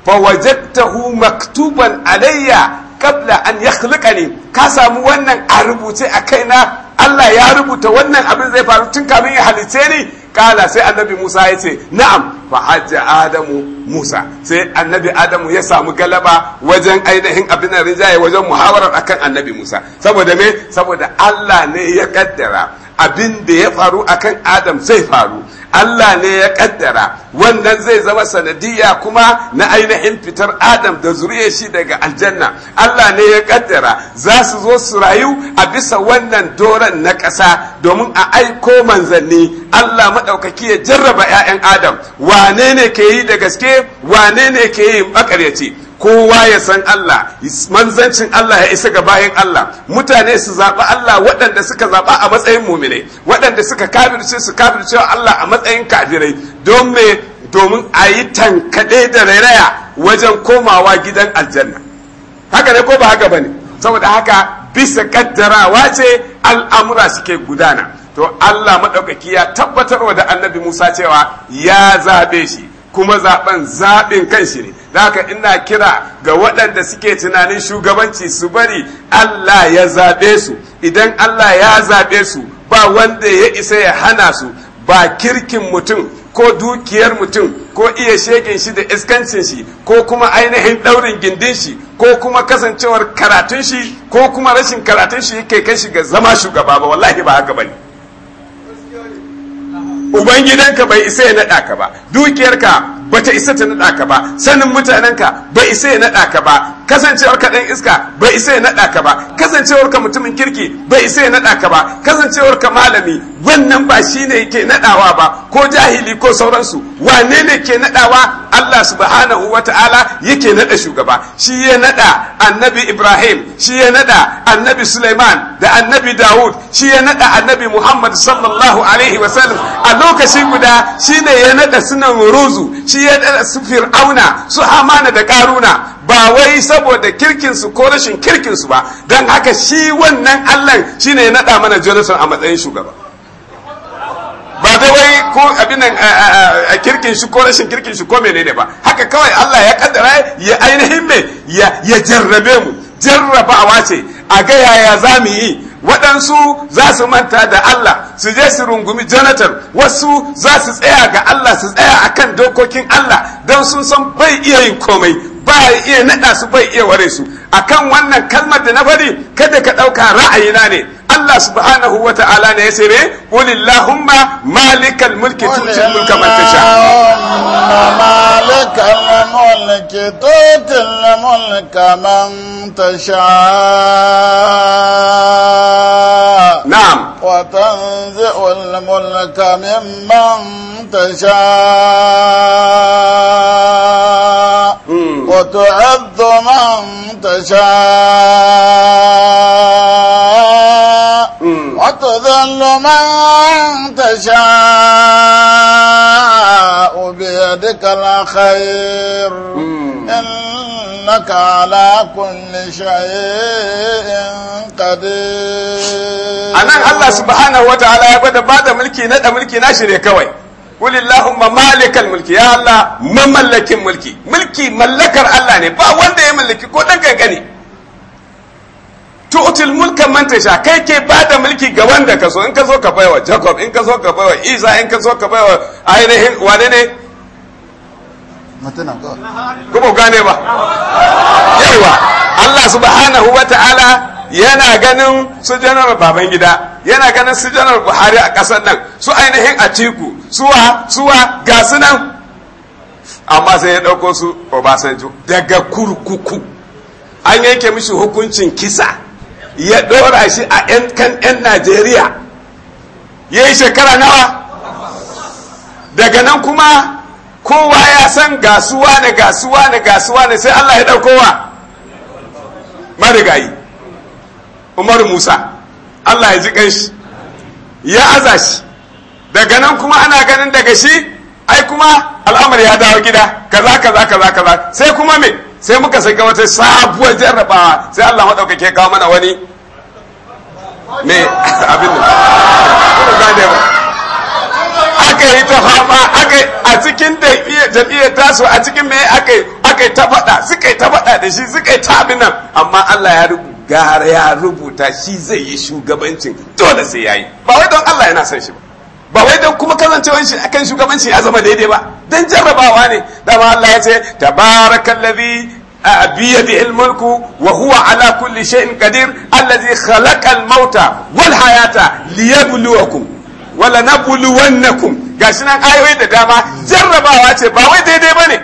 fa wajadtahu maktuban alayya qabla an yakhluqani ka samu wannan a rubuce a kaina Allah ya rubuta wannan abin zai faru tun kamin ya halice ni kala sai annabi Musa ya ce na'am fa hajja Adamu Musa sai annabi Adamu ya samu galaba wajen ainihin abin da rinjaye wajen muhawarar akan annabi Musa saboda me saboda Allah ne ya kaddara abin da ya faru a kan adam zai faru Allah ne ya kaddara wannan zai zama sanadiyya kuma na ainihin fitar adam da zuriya shi daga aljanna Allah ne ya kaddara za su zo su rayu a bisa wannan doron na ƙasa domin a aiko manzanni Allah maɗaukaki ya jarraba 'ya'yan adam wane ne ke yi da gaske wane ne ke yi makaryaci kowa ya san Allah manzancin Allah ya isa ga bayan Allah mutane su zaɓa Allah waɗanda suka zaɓa a matsayin muminai waɗanda suka kafirce su kafirce Allah a matsayin kafirai don me domin a yi tankaɗe da rairaya wajen komawa gidan aljanna haka ne ko ba haka bane saboda haka bisa kaddarawa ce al'amura suke gudana to Allah maɗaukaki ya wa da annabi Musa cewa ya zaɓe shi kuma zaɓen zaɓin kan shi ne haka ina kira ga waɗanda suke tunanin shugabanci su bari Allah ya zaɓe su idan Allah ya zaɓe su ba wanda ya isa ya hana su ba kirkin mutum ko dukiyar mutum ko iya shegin shi da iskancin shi ko kuma ainihin ɗaurin gindin shi ko kuma kasancewar karatun shi ko kuma rashin karatun shi yake kai shi ga zama shugaba ba wallahi ba haka bane ubangidanka bai isa ya naɗa ka ba dukiyarka bata isa ta naɗa ka ba sanin mutanenka bai isa ya naɗa ka ba kasancewar ka ɗan iska bai isa ya naɗa ka ba kasancewar ka mutumin kirki bai isa ya naɗa ka ba kasancewar ka malami wannan ba shine ke naɗawa ba ko jahili ko sauransu wane ne ke naɗawa Allah subhanahu wata'ala yake naɗa shugaba shi ya naɗa annabi Ibrahim shi ya naɗa annabi Sulaiman da annabi Dawud shi ya naɗa annabi Muhammad sallallahu alaihi wasallam a lokacin guda shi ne ya naɗa sunan ruzu shi shi ya su fir'auna su hamana da karuna ba wai saboda kirkinsu ko rashin kirkinsu ba don haka shi wannan allah shine ya naɗa mana jonathan a matsayin shugaba ba dai wai ko abin a kirkin shi ko rashin kirkin shi ko menene ba haka kawai allah ya kaddara ya ainihin me ya jarrabe mu jarrabawa ce a ga yaya za mu yi waɗansu za su manta da Allah su je su rungumi janatar wasu za su tsaya ga Allah su tsaya akan dokokin Allah don sun san bai iya yin komai ba iya naɗa su bai iya ware su kan wannan kalmar da na fari kada ka ɗauka ra'ayina ne Allah subhanahu wa ta'ala ne ya ce ne qulillahumma malikal mulki tutil mulka man malikal mulki tutil mulka man tasha نعم وتنزع الملك ممن تشاء وتعذ من تشاء وتذل من تشاء بيدك الخير إنك على كل شيء قدير أنا الله سبحانه وتعالى يبدا بعد ملكي ندى ملكي ناشري كوي قل اللهم مالك الملك يا الله مملك ne ba wanda ya mallaki ko dan kankani tu'til mulka man kai ke bada mulki ga wanda ka so in Jacob in ka ainihin wane mutuna gane ba yawa Allah subhanahu ta'ala yana ganin su janar baban gida yana ganin su janar buhari a ƙasar nan su ainihin atiku suwa suwa ga su nan amma sai ya ɗauko su obasanjo daga kurkuku an yanke mishi hukuncin kisa ya ɗora shi a 'yan kan 'yan najeriya ya yi shekara nawa daga nan kuma kowa ya san gasuwa ne gasuwa ne gasuwa ne sai Allah ya ɗaukowa marigayi Umar Musa Allah ya ji kanshi ya aza shi daga nan kuma ana ganin daga shi ai kuma al'amari ya dawo gida kaza kaza kaza kaza sai kuma me sai muka saka wata sabuwar jarrabawa sai Allah ke kawo mana wani me abin da ba aka yi ta fafa aka a cikin da ta tasu a cikin mai aka yi ta faɗa suka yi ta faɗa da shi suka yi ta abin nan amma Allah ya rubuta shi zai yi shugabancin dole sai ya yi ba wai don Allah yana son shi ba ba wai don kuma kasancewar shi akan shugabanci ya zama daidai ba don jarrabawa ne dama Allah ya ce tabarakallazi بيده الملك وهو على كل شيء قدير الذي خلق الموت والحياة ليبلوكم ولنبلونكم gashi nan ayoyi da dama jarrabawa ce ba wai daidai bane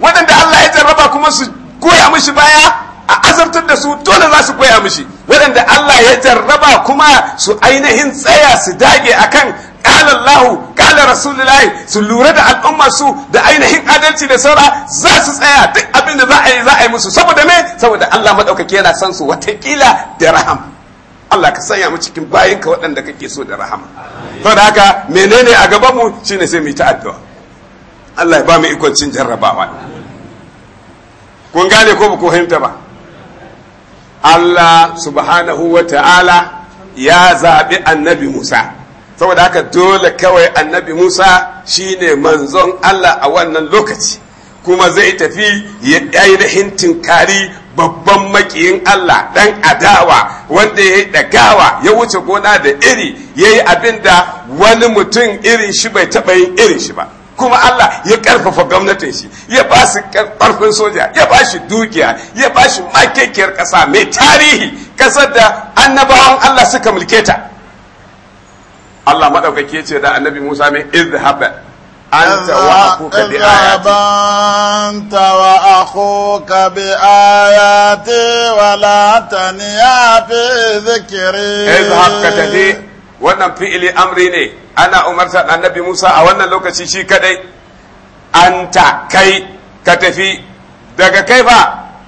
waɗanda Allah ya jarraba kuma su goya mishi baya a azabtar da su dole za su goya mishi waɗanda Allah ya jarraba kuma su ainihin tsaya su dage akan kan الله قال rasulullahi su lura da al'umma su da ainihin adalci da saura za su tsaya duk abin da za a yi za a yi musu saboda me saboda Allah madaukake yana son su watakila da rahama Allah ka sanya mu cikin bayinka waɗanda kake so da rahama to da haka menene a gaban mu shine sai mu ta addu'a Allah ya ba mu ikon cin jarrabawa kun gane ko ba ku fahimta ba Allah subhanahu wa ta'ala ya zaɓi annabi Musa saboda haka dole kawai annabi Musa shine manzon Allah a wannan lokaci kuma zai tafi ya hintin kari. babban makiyin Allah ɗan adawa wanda ya yi dagawa ya wuce gona da iri ya yi abin da wani mutum irin shi bai taɓa yin irin shi ba kuma Allah ya karfafa gwamnatin shi ya ba su karfin soja ya ba shi dukiya ya ba shi makekiyar ƙasa mai tarihi ƙasar da annabawan Allah suka mulke ta Allah maɗaukaki ce da annabi Musa mai izhaba أنت وأخوك بآياتي أنت وأخوك بآياتي ولا تنيا في ذكري اذهب كتدي wannan fi'ili amri ne ana umarta annabi Musa a wannan lokaci shi kadai anta kai ka tafi daga kai ba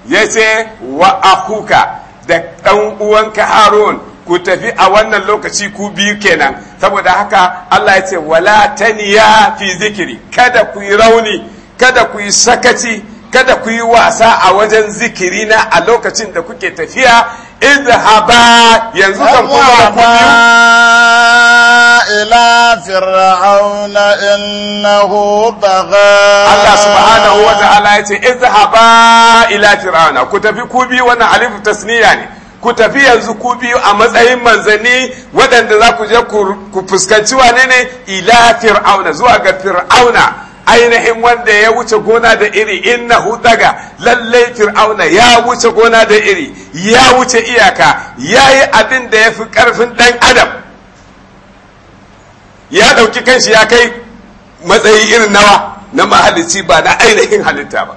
ya ce wa akuka da ɗan uwanka Harun ku tafi a wannan lokaci ku biyu kenan saboda haka Allah ya ce wala taniya fi zikiri kada ku yi rauni kada ku yi sakaci kada ku yi wasa a wajen zikiri na a lokacin da kuke tafiya izhaba yanzu kan kuma ku ila fir'auna innahu bagha Allah subhanahu wa ta'ala ya ce izhaba ila fir'auna ku tafi ku bi wannan alif tasniya ne ku tafi yanzu ku biyu a matsayin manzanni waɗanda za ku je ku fuskanci wa ne ila fir'auna zuwa ga fir'auna ainihin wanda ya wuce gona da iri inna daga lallai fir'auna ya wuce gona da iri ya wuce iyaka ya yi abin da ya fi ƙarfin ɗan adam ya ɗauki kanshi ya kai matsayi irin nawa na mahalicci ba na ainihin halitta ba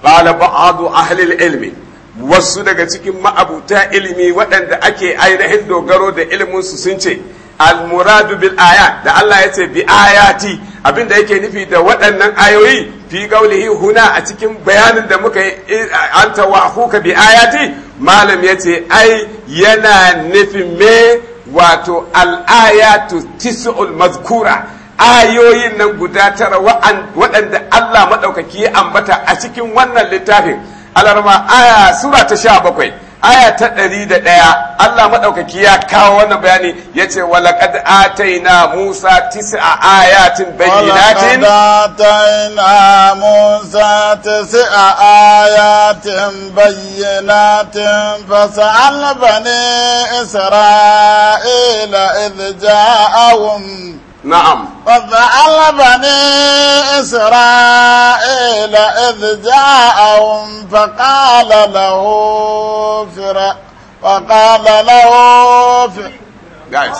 قال a أهل ilmi wasu daga cikin ma'abuta ilimi waɗanda ake ainihin dogaro da iliminsu sun ce almuradu bil aya da Allah ya ce bi ayati abinda yake nufi da waɗannan ayoyi fi gaulihi huna a cikin bayanin da muka yi eh, anta wa huka bi ayati malam ya ce ai yana nufin me wato al'ayatu tis'ul mazkura ayoyin nan guda tara waɗanda Allah maɗaukaki ya ambata a cikin wannan littafin alarma aya sura ta sha bakwai aya ta ɗari da ɗaya Allah maɗaukaki ya kawo wannan bayani ya ce walaƙad ataina Musa tis'a ayatin bayyinatin ataina Musa tis'a ayatin bayyinatin fasa'al bani Isra'ila idh نعم وفعل بني إسرائيل إذ جاءهم فقال له فرع وقال له فرع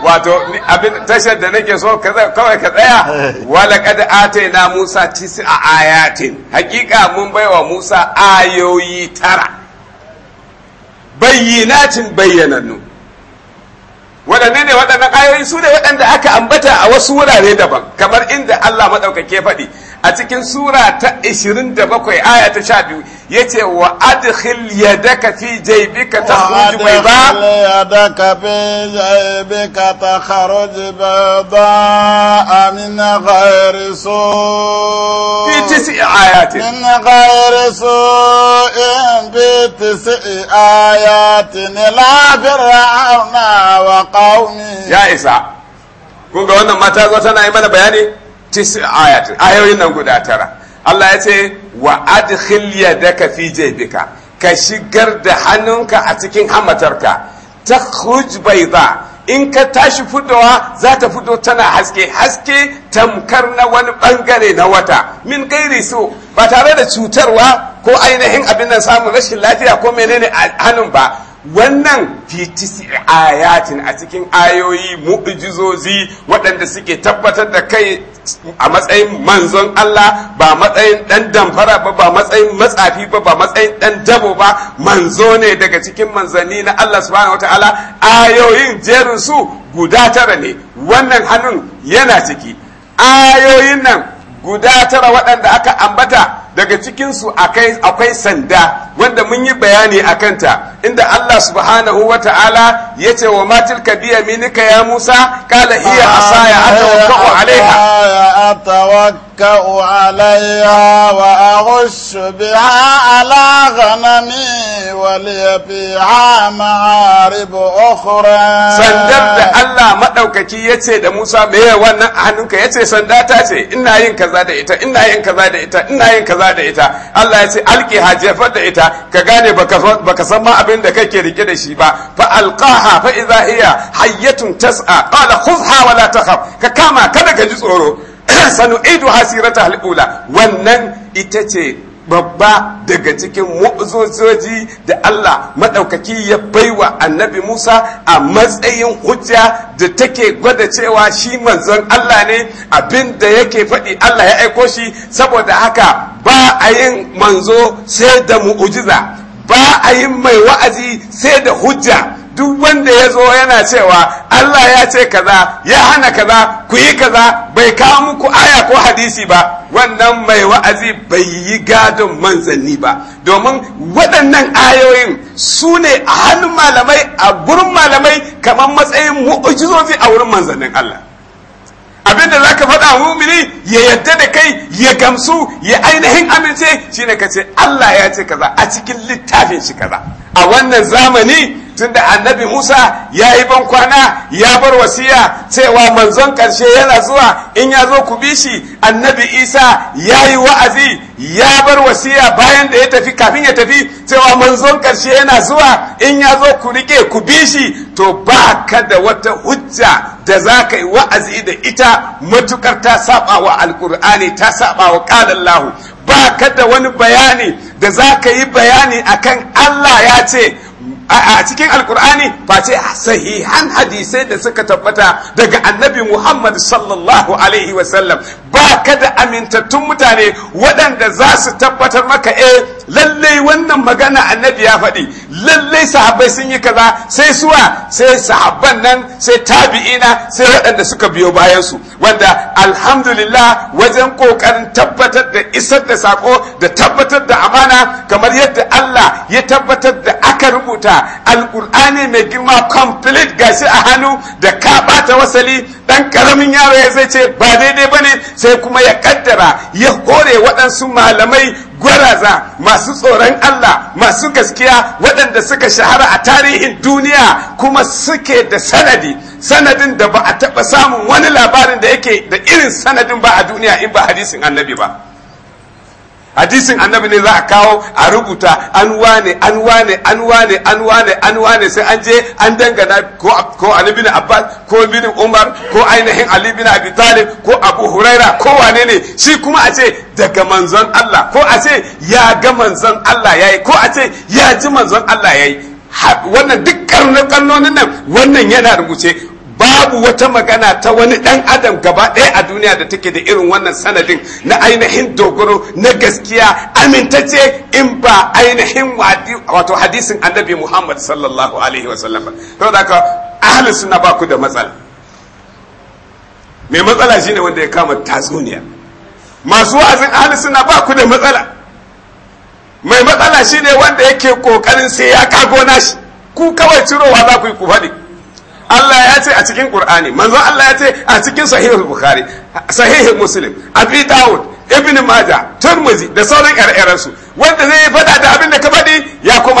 wato abin tashar da nake so kawai ka tsaya wala kad na Musa tisi a ayatin hakika mun baiwa Musa ayoyi tara bayyinatin bayyanannu waɗanne ne waɗannan ayoyi su ne waɗanda aka ambata a wasu wurare daban kamar inda Allah maɗaukake faɗi a cikin sura ta 27 aya ta 12 yace wa adkhil yadaka fi jaybika takhruj bayda wa adkhil yadaka fi jaybika takhruj bayda amin ghairi su fi tis'i ayati min ghairi su bi tis'i ayatin la fir'auna wa qaumi ya isa kun ga wannan mata zo tana yi mana bayani tis'a ayoyin nan guda tara Allah ya ce wa adkhil yadaka fi jaybika ka shigar da hannunka a cikin hamatarka ta takhruj bayda in ka tashi fudowa za ta fito tana haske haske tamkar na wani bangare na wata min gairi so ba tare da cutarwa ko ainihin abin nan samun rashin lafiya ko menene hannun ba wannan fitisi a ayatin a cikin ayoyi mu'jizozi waɗanda suke tabbatar da kai a matsayin manzon Allah ba matsayin ɗan damfara ba ba matsayin matsafi ba ba matsayin ɗan dabo ba manzo ne daga cikin manzanni na Allah subhanahu wataala ayoyin jerin su guda tara ne wannan hannun yana ciki ayoyin nan guda tara waɗanda aka ambata daga cikinsu akwai sanda wanda mun yi bayani a kanta inda Allah subhanahu wa ta'ala ya ce wa matilka biya minika ya Musa kala iya asaya atawakka'u alaiha atawakka'u alaiha wa aghushu biha ala ghanami ولي فيها da Allah maɗaukaki ya ce da Musa meye wannan a hannunka ya ce sanda ta ce ina yin kaza da ita ina yin kaza da ita ina yin kaza da ita Allah ya ce alƙi hajefar da ita ka gane baka san ma abin da kake rike da shi ba fa alqaha fa idza hiya hayyatun tas'a qala khudha wa la takhaf ka kama kada ka ji tsoro sanu'idu hasirata al-ula wannan ita ce babba daga cikin mu'uzozoji da Allah madaukaki ya baiwa annabi Musa a matsayin hujja da take gwada cewa shi manzon Allah ne abin da yake faɗi Allah ya aiko shi saboda haka ba a yin manzo sai da mu'ujiza ba a yin mai wa'azi sai da hujja duk wanda ya zo yana cewa Allah ya ce kaza ya hana kaza ku yi kaza bai kawo muku aya ko hadisi ba wannan mai wa'azi bai yi gadon manzanni ba domin waɗannan ayoyin su ne a hannun malamai a gurin malamai kamar matsayin mu'ujizofi a wurin manzannin Allah abinda za ka faɗa mumini ya yadda da kai ya gamsu ya ainihin amince shine ka ce Allah ya ce kaza a cikin littafin shi kaza a wannan zamani tunda annabi Musa ya yi ban kwana ya bar wasiya cewa manzon ƙarshe yana zuwa in ya zo ku bi shi annabi Isa ya yi wa'azi ya bar wasiya bayan da ya tafi kafin ya tafi cewa manzon ƙarshe yana zuwa in ya zo ku rike ku bi shi to ba ka da wata hujja da za ka yi wa'azi da ita matukar ta saba wa alkur'ani ta saba wa ba ka da wani bayani da za ka yi bayani akan Allah ya ce a cikin alkur'ani face sahihan hadisai da suka tabbata daga annabi muhammad sallallahu alaihi wasallam ba ka da amintattun mutane waɗanda za su tabbatar maka eh lallai wannan magana annabi ya faɗi lallai sahabbai sun yi kaza sai suwa sai sahabban nan sai tabi'ina sai waɗanda suka biyo bayansu wanda alhamdulillah wajen ƙoƙarin tabbatar da isar da sako da tabbatar da amana kamar yadda allah ya tabbatar da aka rubuta alƙur'ani mai girma complete gashi a hannu da ka bata wasali dan karamin yaro ya zai ce ba daidai ba ne sai kuma ya kaddara ya kore waɗansu malamai gwaraza masu tsoron Allah masu gaskiya waɗanda suka shahara a tarihin duniya kuma suke da sanadi sanadin da ba a taɓa samun wani labarin da yake da irin sanadin ba a duniya in ba hadisin annabi ba hadisin annabi ne za a kawo a rubuta an wane an wane an wane an wane an wane sai an je an dangana ko ali bin abbas ko bin umar ko ainihin ali bin abi talib ko abu huraira ko wane ne shi kuma a ce daga manzon allah ko a ce ya ga manzon allah yayi ko a ce ya ji manzon allah yayi wannan duk karnonin nan wannan yana rubuce babu wata magana ta wani ɗan adam gaba ɗaya a duniya da take da irin wannan sanadin na ainihin dogaro na gaskiya amintace in ba ainihin wato hadisin annabi muhammad sallallahu alaihi wasallam to da ka ahli suna ba ku da matsala mai matsala shine wanda ya kama tatsuniya masu wa'azin ahli suna ba ku da matsala mai matsala shine wanda yake kokarin sai ya kago nashi ku kawai cirowa za ku yi ku faɗi Allah ya ce a cikin Qur'ani manzon Allah ya ce a cikin sahihul Bukhari sahihul Muslim Abi Dawud Ibn Majah Tirmidhi da sauran ƴar'ƴaran su wanda zai faɗa da abin ka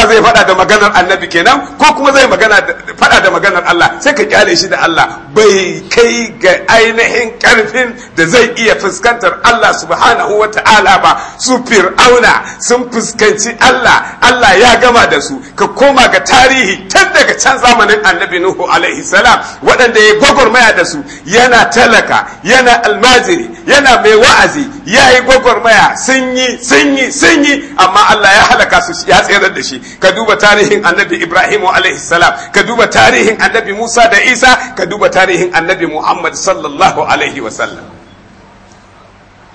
ba zai faɗa da maganar annabi kenan ko kuma zai magana faɗa da maganar Allah sai ka kyale shi da Allah bai kai ga ainihin karfin da zai iya fuskantar Allah subhanahu wa ta'ala ba su fir'auna sun fuskanci Allah Allah ya gama da su ka koma ga tarihi tun daga can zamanin annabi Nuhu alaihi salam waɗanda ya gwagwarmaya da su yana talaka yana almajiri yana mai wa'azi ya yi gwagwarmaya sun yi sun yi sun yi amma Allah ya halaka su ya tsayar da shi ka duba tarihin annabi Ibrahim alaihi salam ka duba tarihin annabi Musa da Isa ka duba tarihin annabi Muhammad sallallahu alaihi wa sallam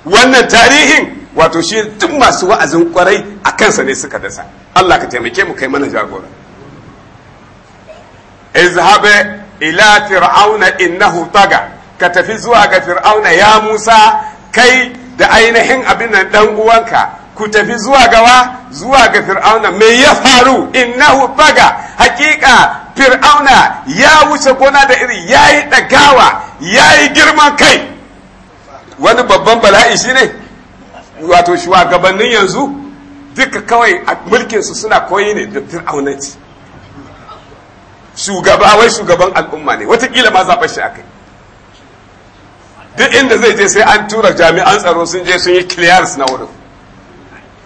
wannan tarihin wato shi duk masu wa'azin kwarai a kansa ne suka dasa Allah ka taimake mu kai mana jagora izhabe ila fir'auna innahu taga ka tafi zuwa ga fir'auna ya musa kai da ainihin abin dan uwanka ku tafi zuwa gawa zuwa ga fir'auna me ya faru innahu baga hakika fir'auna ya wuce gona da iri ya yi ɗagawa ya yi girman kai wani babban bala'i shi ne? wato shugabannin yanzu duka kawai a mulkinsu suna koyi ne da fir'aunanci shugaba wai shugaban al'umma ne watakila ma zaɓar shi a kai duk inda zai je sai an tura jami'an tsaro sun je sun yi clearance na wurin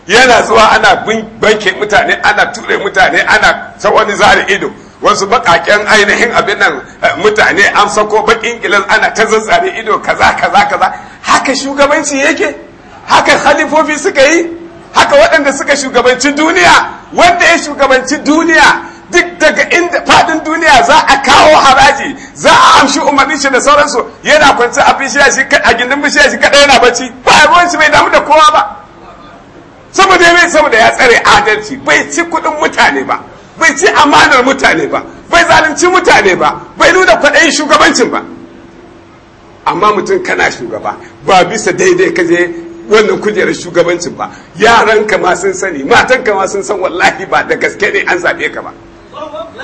yana zuwa ana banke mutane ana ture mutane ana ta wani zari ido wasu bakaken ainihin abin nan eh, mutane an sako bakin gilas ana ta zazzare ido kaza kaza kaza haka shugabanci yake haka halifofi suka yi haka waɗanda suka shugabanci duniya wanda ya shugabanci duniya duk daga inda fadin duniya za a kawo haraji za a amshi umarnin shi da sauransu yana kwanci a bishiya shi a gindin bishiya shi kaɗai yana bacci ba a ruwan shi bai damu da kowa ba saboda ya saboda ya tsare adalci bai ci kuɗin mutane ba bai ci amanar mutane ba bai zalunci mutane ba bai nuna kwaɗayin shugabancin ba amma mutum kana shugaba ba bisa daidai je wannan kujerar shugabancin ba yaranka ma sun sani matanka ma sun san wallahi ba da gaske ne an zaɓe ka ba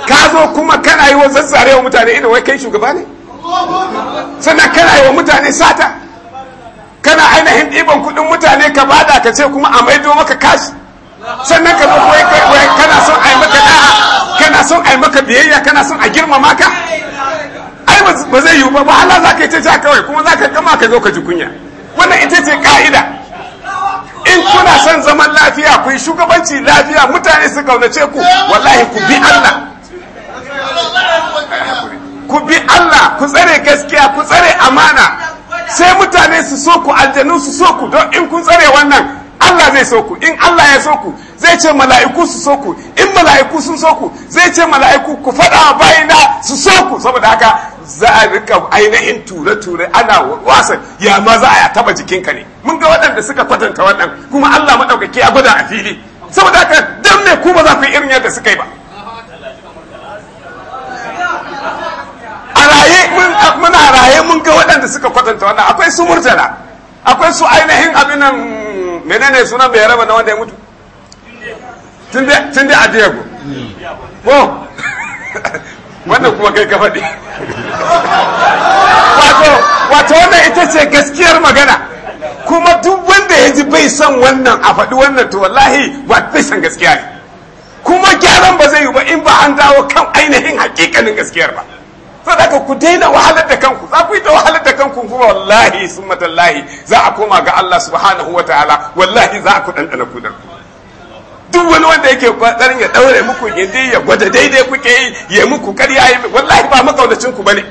ka zo kuma kana yi wa zazzare wa mutane ina wai kai shugaba ne sannan kana yi wa mutane sata kana ainihin ɗiban kuɗin mutane ka bada ka ce kuma a maido maka kashi sannan ka zo wai kana son a yi maka da'a kana son a yi maka biyayya kana son a girmama ka ai ba zai yiwu ba ba Allah za ka yi ta kawai kuma za ka kama ka zo ka ji kunya wannan ita ce ka'ida in kuna son zaman lafiya ku yi shugabanci lafiya mutane su kaunace ku wallahi ku bi Allah ku bi Allah ku tsare gaskiya ku tsare amana sai mutane su so ku aljanu su so ku don in kun tsare wannan Allah zai so ku in Allah ya so ku zai ce mala'iku su so ku in mala'iku sun so ku zai ce mala'iku ku faɗa bayina su so ku saboda haka za a rika ainihin ture-ture ana wasa ya ma za a taba ka ne mun ga waɗanda suka kwatanta wannan kuma Allah maɗaukaki a gwada a fili saboda haka dan me kuma za ku irin yadda suka yi ba muna raye mun ga waɗanda suka kwatanta wannan akwai su murtala akwai su ainihin abin nan menene sunan bai raba na wanda ya mutu tunde a diego ko wannan kuma kai ka faɗi wato wannan ita ce gaskiyar magana kuma duk wanda ya ji bai son wannan a faɗi wannan to wallahi ba bai son gaskiya ne kuma gyaran ba zai yi ba in ba an dawo kan ainihin hakikanin gaskiyar ba to ku daina wahalar da kanku za ku yi ta wahalar da kanku ku wallahi summa tallahi za a koma ga Allah subhanahu wa ta'ala wallahi za a ku ɗanɗana ku da duk wani wanda yake kwatsarin ya daure muku ya ya gwada daidai kuke yi ya muku karya yi wallahi ba makaunacin ku bane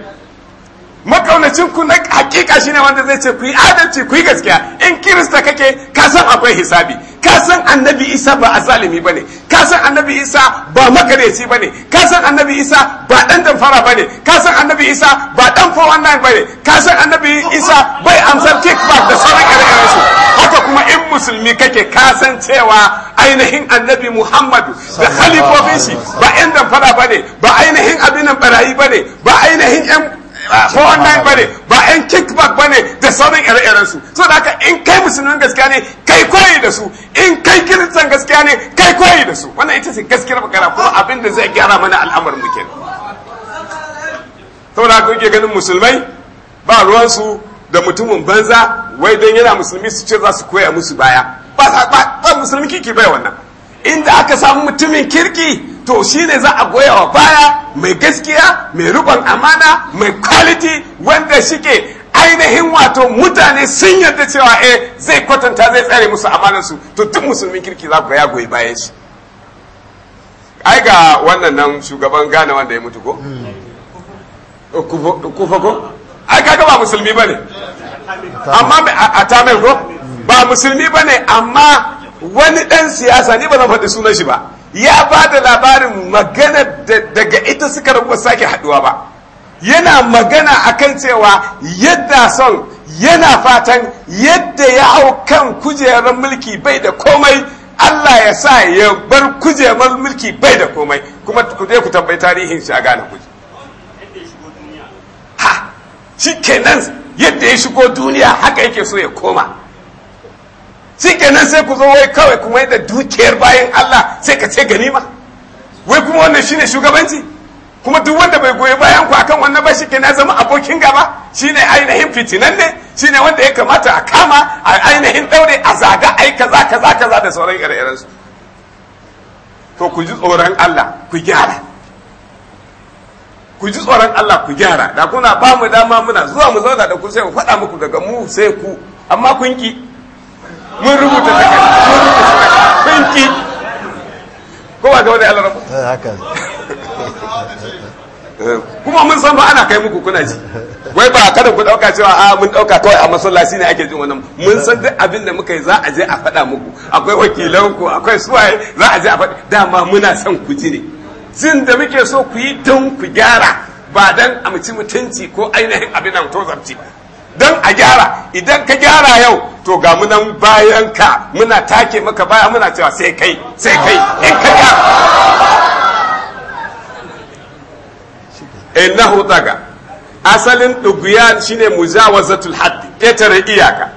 makaunacin ku na hakika shine wanda zai ce ku yi adalci ku yi gaskiya in kirista kake ka san akwai hisabi ka san annabi isa ba azalimi bane ka san annabi isa ba makareci bane ka san annabi isa ba dan damfara bane ka san annabi isa ba dan bane ka san annabi isa bai amsar kickback da sauran ire su haka kuma in musulmi kake ka san cewa ainihin annabi muhammadu da khalifofin shi ba yan damfara bane ba ainihin abinan barayi bane ba ainihin yan ko online ba ne ba yan kickback ba ne da sauran ire-iren su so da aka in kai musulmin gaskiya ne kai koyi da su in kai kiristan gaskiya ne kai koyi da su wannan ita ce gaskiyar magana kuma abin da zai gyara mana al'amarin mu kenan saboda haka kuke ganin musulmai ba ruwansu da mutumin banza wai don yana musulmi su ce za su koya musu baya ba musulmi kiki bai wannan inda aka samu mutumin kirki to shine za a goya wa baya mai gaskiya mai rubon amana mai quality wanda shike ainihin wato mutane sun yarda cewa eh zai kwatanta zai tsare musu amanansu to duk musulmin kirki za ku ya goyi bayan shi ai ga wannan nan shugaban gane wanda ya mutu ko hmm. kufa ko ai kaga ba musulmi bane amma a tamil ko hmm. ba musulmi bane amma wani dan siyasa ni ba zan faɗi sunan shi ba ya ba da labarin magana daga ita suka rabuwa sake haduwa ba yana magana akan cewa yadda son yana fatan yadda ya hau kan kujerar mulki bai da komai Allah ya sa ya bar kujerar mulki bai da komai kuma ku ku tambayi tarihin shi a gane kuji ha shi kenan yadda ya shigo duniya haka yake so ya koma nan sai ku zo wai kawai kuma yadda dukiyar bayan Allah sai ka ce ganima wai kuma wannan shine shugabanci kuma duk wanda bai goyi bayan ku akan wannan ba shi kenan zama abokin gaba shine ainihin fitinan ne shine wanda ya kamata a kama a ainihin daure a zaga ai kaza kaza kaza da sauran ire su to ku ji tsoron Allah ku gyara ku ji tsoron Allah ku gyara da kuna ba mu dama muna zuwa mu zauna da ku sai mu faɗa muku daga mu sai ku amma kun ki mun rubuta mun ki ko ba gaba da Allah rabu eh, haka eh, kuma mun san ba ana kai muku kuna ji wai ba kada ku dauka cewa a ah, mun dauka kawai a masallaci ne ake jin wannan mun san duk abin da muka yi za a je a faɗa muku akwai wakilan ku akwai suwaye za a je a faɗa dama muna son ku ji ne jin da muke so ku yi don ku gyara ba dan a mutunci ko ainihin abin nan to zabti ba don a gyara idan ka gyara yau to ga munan bayan ka muna take maka baya muna cewa sai kai sai kai in ka gyara daga asalin ɗuguya shine zatul haddi ƙetare iyaka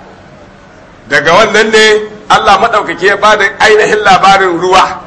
daga wannan ne Allah maɗaukaki ya ba da ainihin labarin ruwa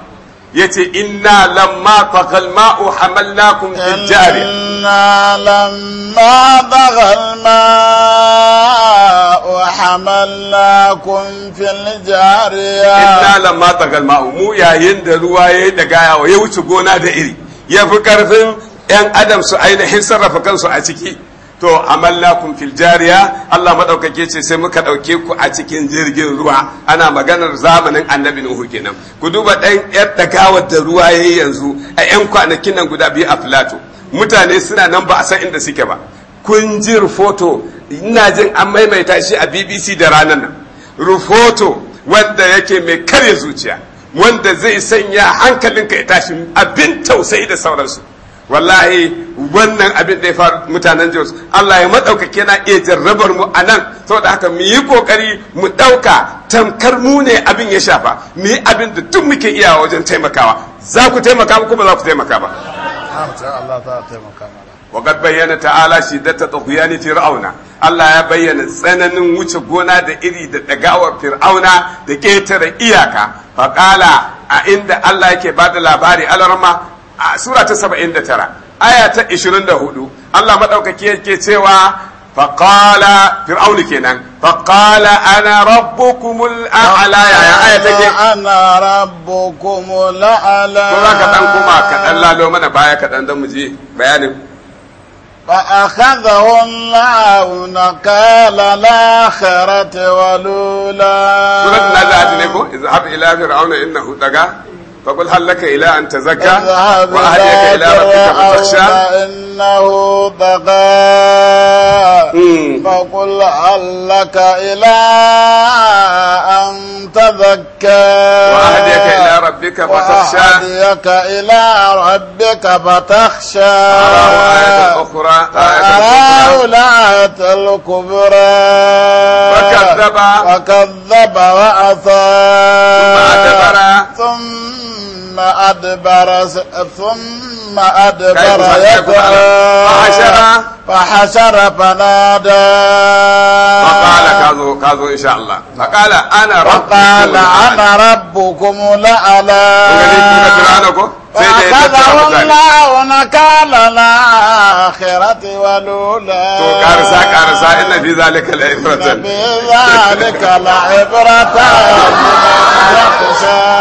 yace inna lamma taqal ma'u hamalnakum fil jari inna lamma taqal ma'u hamalnakum fil jari inna lamma taqal ma'u mu yayin da ruwa yayi daga yawa ya wuce gona da iri yafi karfin yan adam su ainihin sarrafa kansu a ciki to amallakum fil jariya Allah madaukake ce sai muka dauke ku a cikin jirgin ruwa ana maganar zamanin annabi Nuhu kenan ku duba dan yar dagawar da ruwa yayi yanzu a yan kwanakin nan guda biyu a filato mutane suna nan ba a san inda suke ba kun ji rufoto ina jin an maimaita shi a BBC da ranar nan rufoto wanda yake mai karya zuciya wanda zai sanya hankalinka ya tashi abin tausayi da sauransu wallahi wannan abin da ya faru mutanen jos Allah ya maɗaukake na iya jarrabar mu anan nan saboda haka mu yi kokari mu ɗauka tamkar mu ne abin ya shafa mu yi abin da duk muke iya wajen taimakawa za ku taimaka ba kuma za ku taimaka ba ta'ala shi da ta tsohuyani fir'auna Allah ya bayyana tsananin wuce gona da iri da dagawar fir'auna da ƙetare iyaka faƙala a inda Allah yake ba da labari alarma a sura ta 79 aya ta 24 Allah madaukaki yake cewa faqala fir'auni kenan faqala ana rabbukumul a'la ya aya ke. ana rabbukumul a'la ko zaka dan kuma ka dan lalo mana baya ka dan mu je bayanin فأخذه الله نقال الآخرة ولولا سورة النازعات نكو اذهب إلى فرعون إنه daga فقل هل لك إلى أن تزكى وأهلك إلى ربك فتخشى إنه بغى فقل هل لك إلى أن تزكى وأهلك إلى ربك فتخشى وأهلك إلى ربك فتخشى آية أخرى آية الآية الكبرى فكذب فكذب وأصى ثم أدبر ثم ثم أدبر ثم أدبر فحشر فحشر فنادى فقال كذو كذو إن شاء الله faƙala ana faƙala ana rabbukum la'ala فأخذهم الله نكال الآخرة والأولى كارسا كارسا إن في ذلك لعبرة في ذلك لعبرة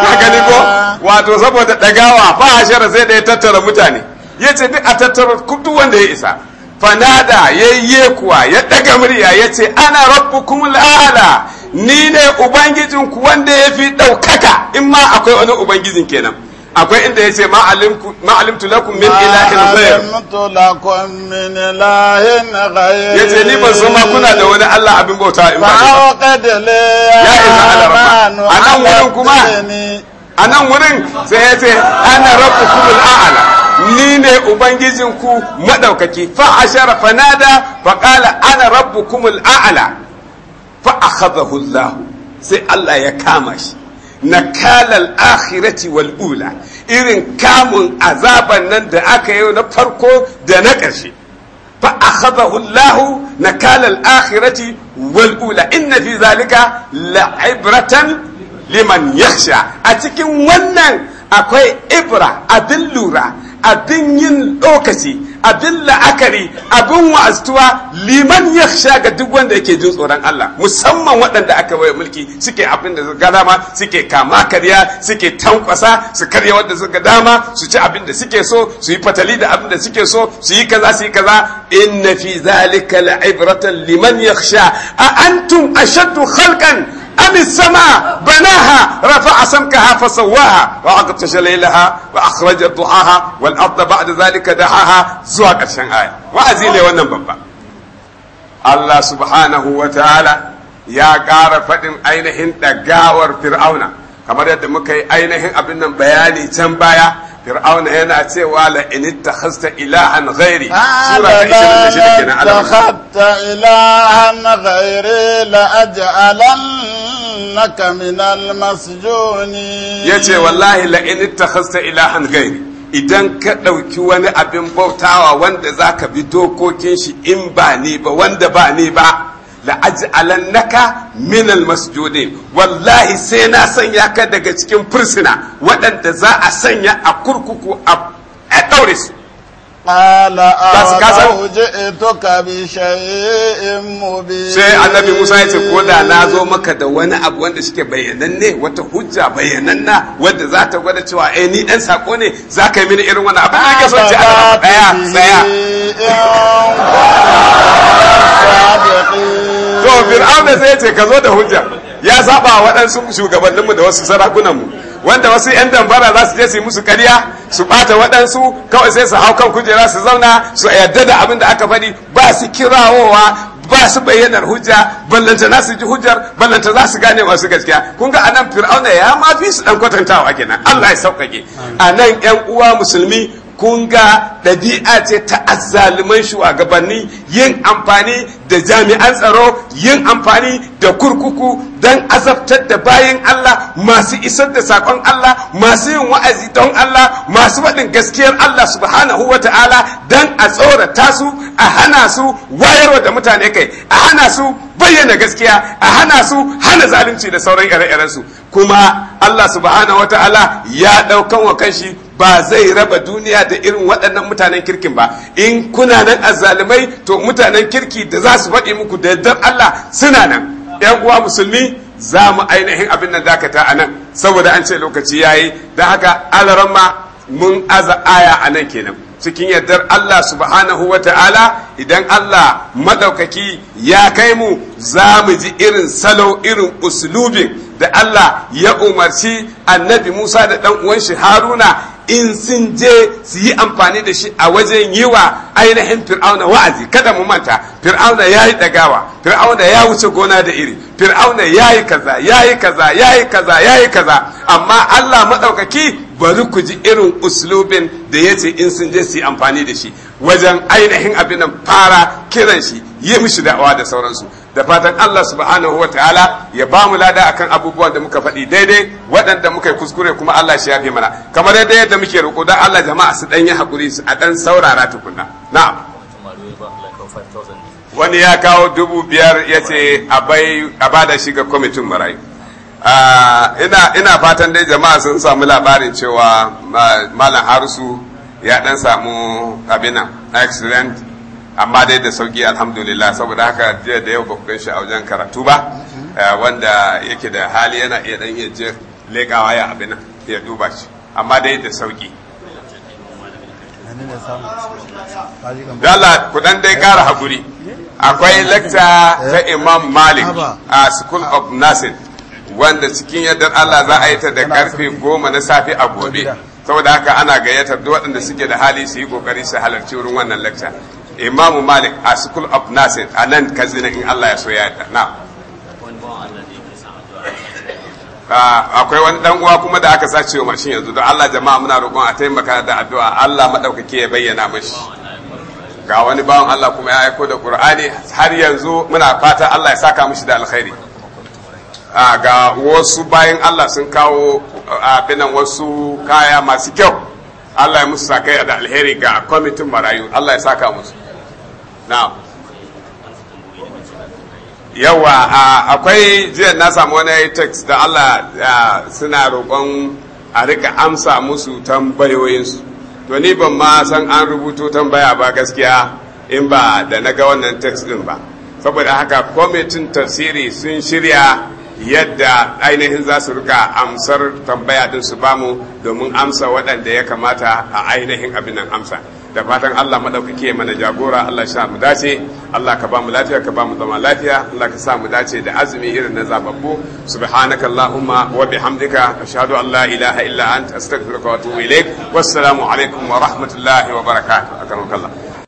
لكن ko wato saboda dagawa ba hashara sai da ya tattara mutane ya ce duk a tattara duk wanda ya isa fanada ya yi kuwa ya daga murya ya ce ana rabbukum la'ala ni ne ubangijin ku wanda ya fi ɗaukaka in ma akwai wani ubangijin kenan akwai inda ya ce ma'alimtu lakum min ilahin ghayr ya ce ni ban zama kuna da wani Allah abin bauta in ba ya isa alarama a nan wurin kuma a nan wurin sai ya ce ana rabu kumul a'ala ni ne ubangijinku maɗaukaki fa ashara fanada fa kala ana kuma a'la fa akhadahu Allah sai Allah ya kama shi nakalal akhirati wal ula irin kamun azaban nan da aka yi na farko da na ƙarshe fa akhadahu Allah nakalal akhirati wal ula inna fi zalika liman a cikin wannan akwai ibra abin lura abin yin lokaci abin la'akari abin wa'astuwa liman ya sha ga duk wanda yake jin tsoron Allah musamman waɗanda aka waya mulki suke abin da suka dama suke kama karya suke tankwasa su karya wanda suka dama su ci abin da suke so su yi fatali da abin da suke so su yi kaza su yi kaza inna fi zalika la'ibratan liman yakhsha a antum ashaddu khalqan أم السماء بناها رفع سمكها فسواها وعقب ليلها وأخرج ضحاها والأرض بعد ذلك دعاها زوا قرشن آية وأزيل wannan babba Allah subhanahu wa ta'ala ya ƙara faɗin ainihin ɗagawar fir'auna kamar yadda muka yi ainihin abin nan bayani can baya فرعون هنا تسوى لئن اتخذت إلها غيري سورة اتخذت إلها غيري لأجعلن innaka minal masjuni yace wallahi la in ittakhasta ilahan ghairi idan ka ɗauki wani abin bautawa wanda zaka bi dokokin shi in ba ni ba wanda ba ni ba minan minal masjudin wallahi sai na sanya ka daga cikin fursuna waɗanda za a sanya a kurkuku a ɗaure su قال أولو sai annabi Musa ya ce ko da na zo maka da wani abu wanda shike bayyananne wata hujja bayyananna wanda za ta gwada cewa eh ni dan sako ne za ka yi mini irin wani abu da ke son ce ana tsaya tsaya to fir'auna sai ya ce ka zo da hujja ya saba waɗansu shugabanninmu da wasu sarakunanmu wanda wasu 'yan dambara za su je su yi musu karya su bata waɗansu kawai sai su hau kan kujera su zauna su yarda da abin da aka faɗi ba su kirawowa ba su bayyanar hujja ballanta za su ji hujjar ballanta za su gane masu gaskiya kun ga anan fir'auna ya ma fi su dan kwatantawa kenan Allah ya sauƙaƙe anan 'yan uwa musulmi kun ga ɗabi'a ce ta azzaliman shugabanni yin amfani da jami'an tsaro yin amfani da kurkuku don azabtar da bayan Allah masu isar da sakon Allah masu yin wa'azi don Allah masu faɗin gaskiyar Allah subhanahu wa ta'ala don a tsorata su a hana su wayarwa da mutane kai a hana su bayyana gaskiya a hana su hana zalunci da sauran ire-irensu kuma Allah subhanahu wa ta'ala ya ɗaukan wa kanshi ba zai raba duniya da irin waɗannan mutanen kirkin ba in kuna nan azalimai to mutanen kirki da za su faɗi muku da yardar Allah suna nan yan uwa musulmi za mu ainihin abin nan dakata a nan saboda an ce lokaci ya yi da haka alarama mun aza aya a nan kenan cikin yardar Allah subhanahu wa ta'ala idan Allah madaukaki ya kai mu za mu ji irin salo irin uslubin da Allah ya umarci annabi Musa da ɗan uwan shi Haruna in sun je su yi amfani da shi a wajen yi wa ainihin fir'auna wa'azi kada mu manta fir'auna ya yi ɗagawa fir'auna ya wuce gona da iri fir'auna ya yi kaza ya yi kaza ya yi kaza ya yi kaza amma allah maɗaukaki bari ku ji irin uslubin da ya ce in sun je su yi amfani da shi wajen ainihin abin nan fara kiran shi yi mishi da'awa da sauransu da fatan Allah subhanahu wa ta'ala ya ba mu lada akan abubuwan da muka faɗi daidai waɗanda muka yi kuskure kuma Allah shi ya fi mana kamar yadda yadda muke roƙo dan Allah jama'a su dan yi hakuri su a ɗan saurara tukunna na'am wani ya kawo dubu biyar ya ce a bada shi ga kwamitin marayu ah, ina fatan dai jama'a sun samu labarin cewa ah, malam harsu ya dan samu abinan accident amma dai da sauki alhamdulillah saboda haka jiya da yau bakwai shi a wajen karatu ba mhm. eh, wanda yake da hali yana iya dan iya je lekawa ya abin ya duba shi amma dai da sauki Dala kudan dai kara haƙuri akwai lakta ta Imam Malik a School of Nursing wanda cikin yadda Allah za a yi ta da karfe goma na safi a gobe saboda haka ana gayyatar duk waɗanda suke da hali su yi ƙoƙari su halarci wurin wannan lecture imamu malik a school of nursing a nan الله in allah ya so ya na ah, akwai wani dan uwa kuma da aka sace wa mashin yanzu don allah jama'a muna roƙon a taimaka da addu'a allah maɗaukaki ya bayyana mashi ga wani bawan allah kuma ya aiko da qur'ani har yanzu muna fata allah ya saka mishi da alkhairi ah, ga wasu bayan allah sun kawo ah, abinan wasu kaya masu kyau Allah ya musu sakai da alheri ga kwamitin marayu Allah ya saka musu na'am yawa akwai jiya na samu wani text da Allah suna roƙon a rika amsa musu tambayoyinsu to ni ban ma san an rubuto tambaya ba gaskiya in ba da na ga wannan text din ba saboda haka kwamitin tafsiri sun shirya yadda ainihin za su rika amsar tambaya din su bamu domin amsa waɗanda ya kamata a ainihin abin nan amsa da fatan Allah maɗaukake mana jagora Allah sha mu dace Allah ka ba mu lafiya ka ba mu zama lafiya Allah ka sa mu dace da azumi irin na zababbu subhanaka allahumma wa bihamdika ashhadu an la ilaha illa anta astaghfiruka wa atubu ilaik wassalamu alaikum wa rahmatullahi wa barakatuh akramukallah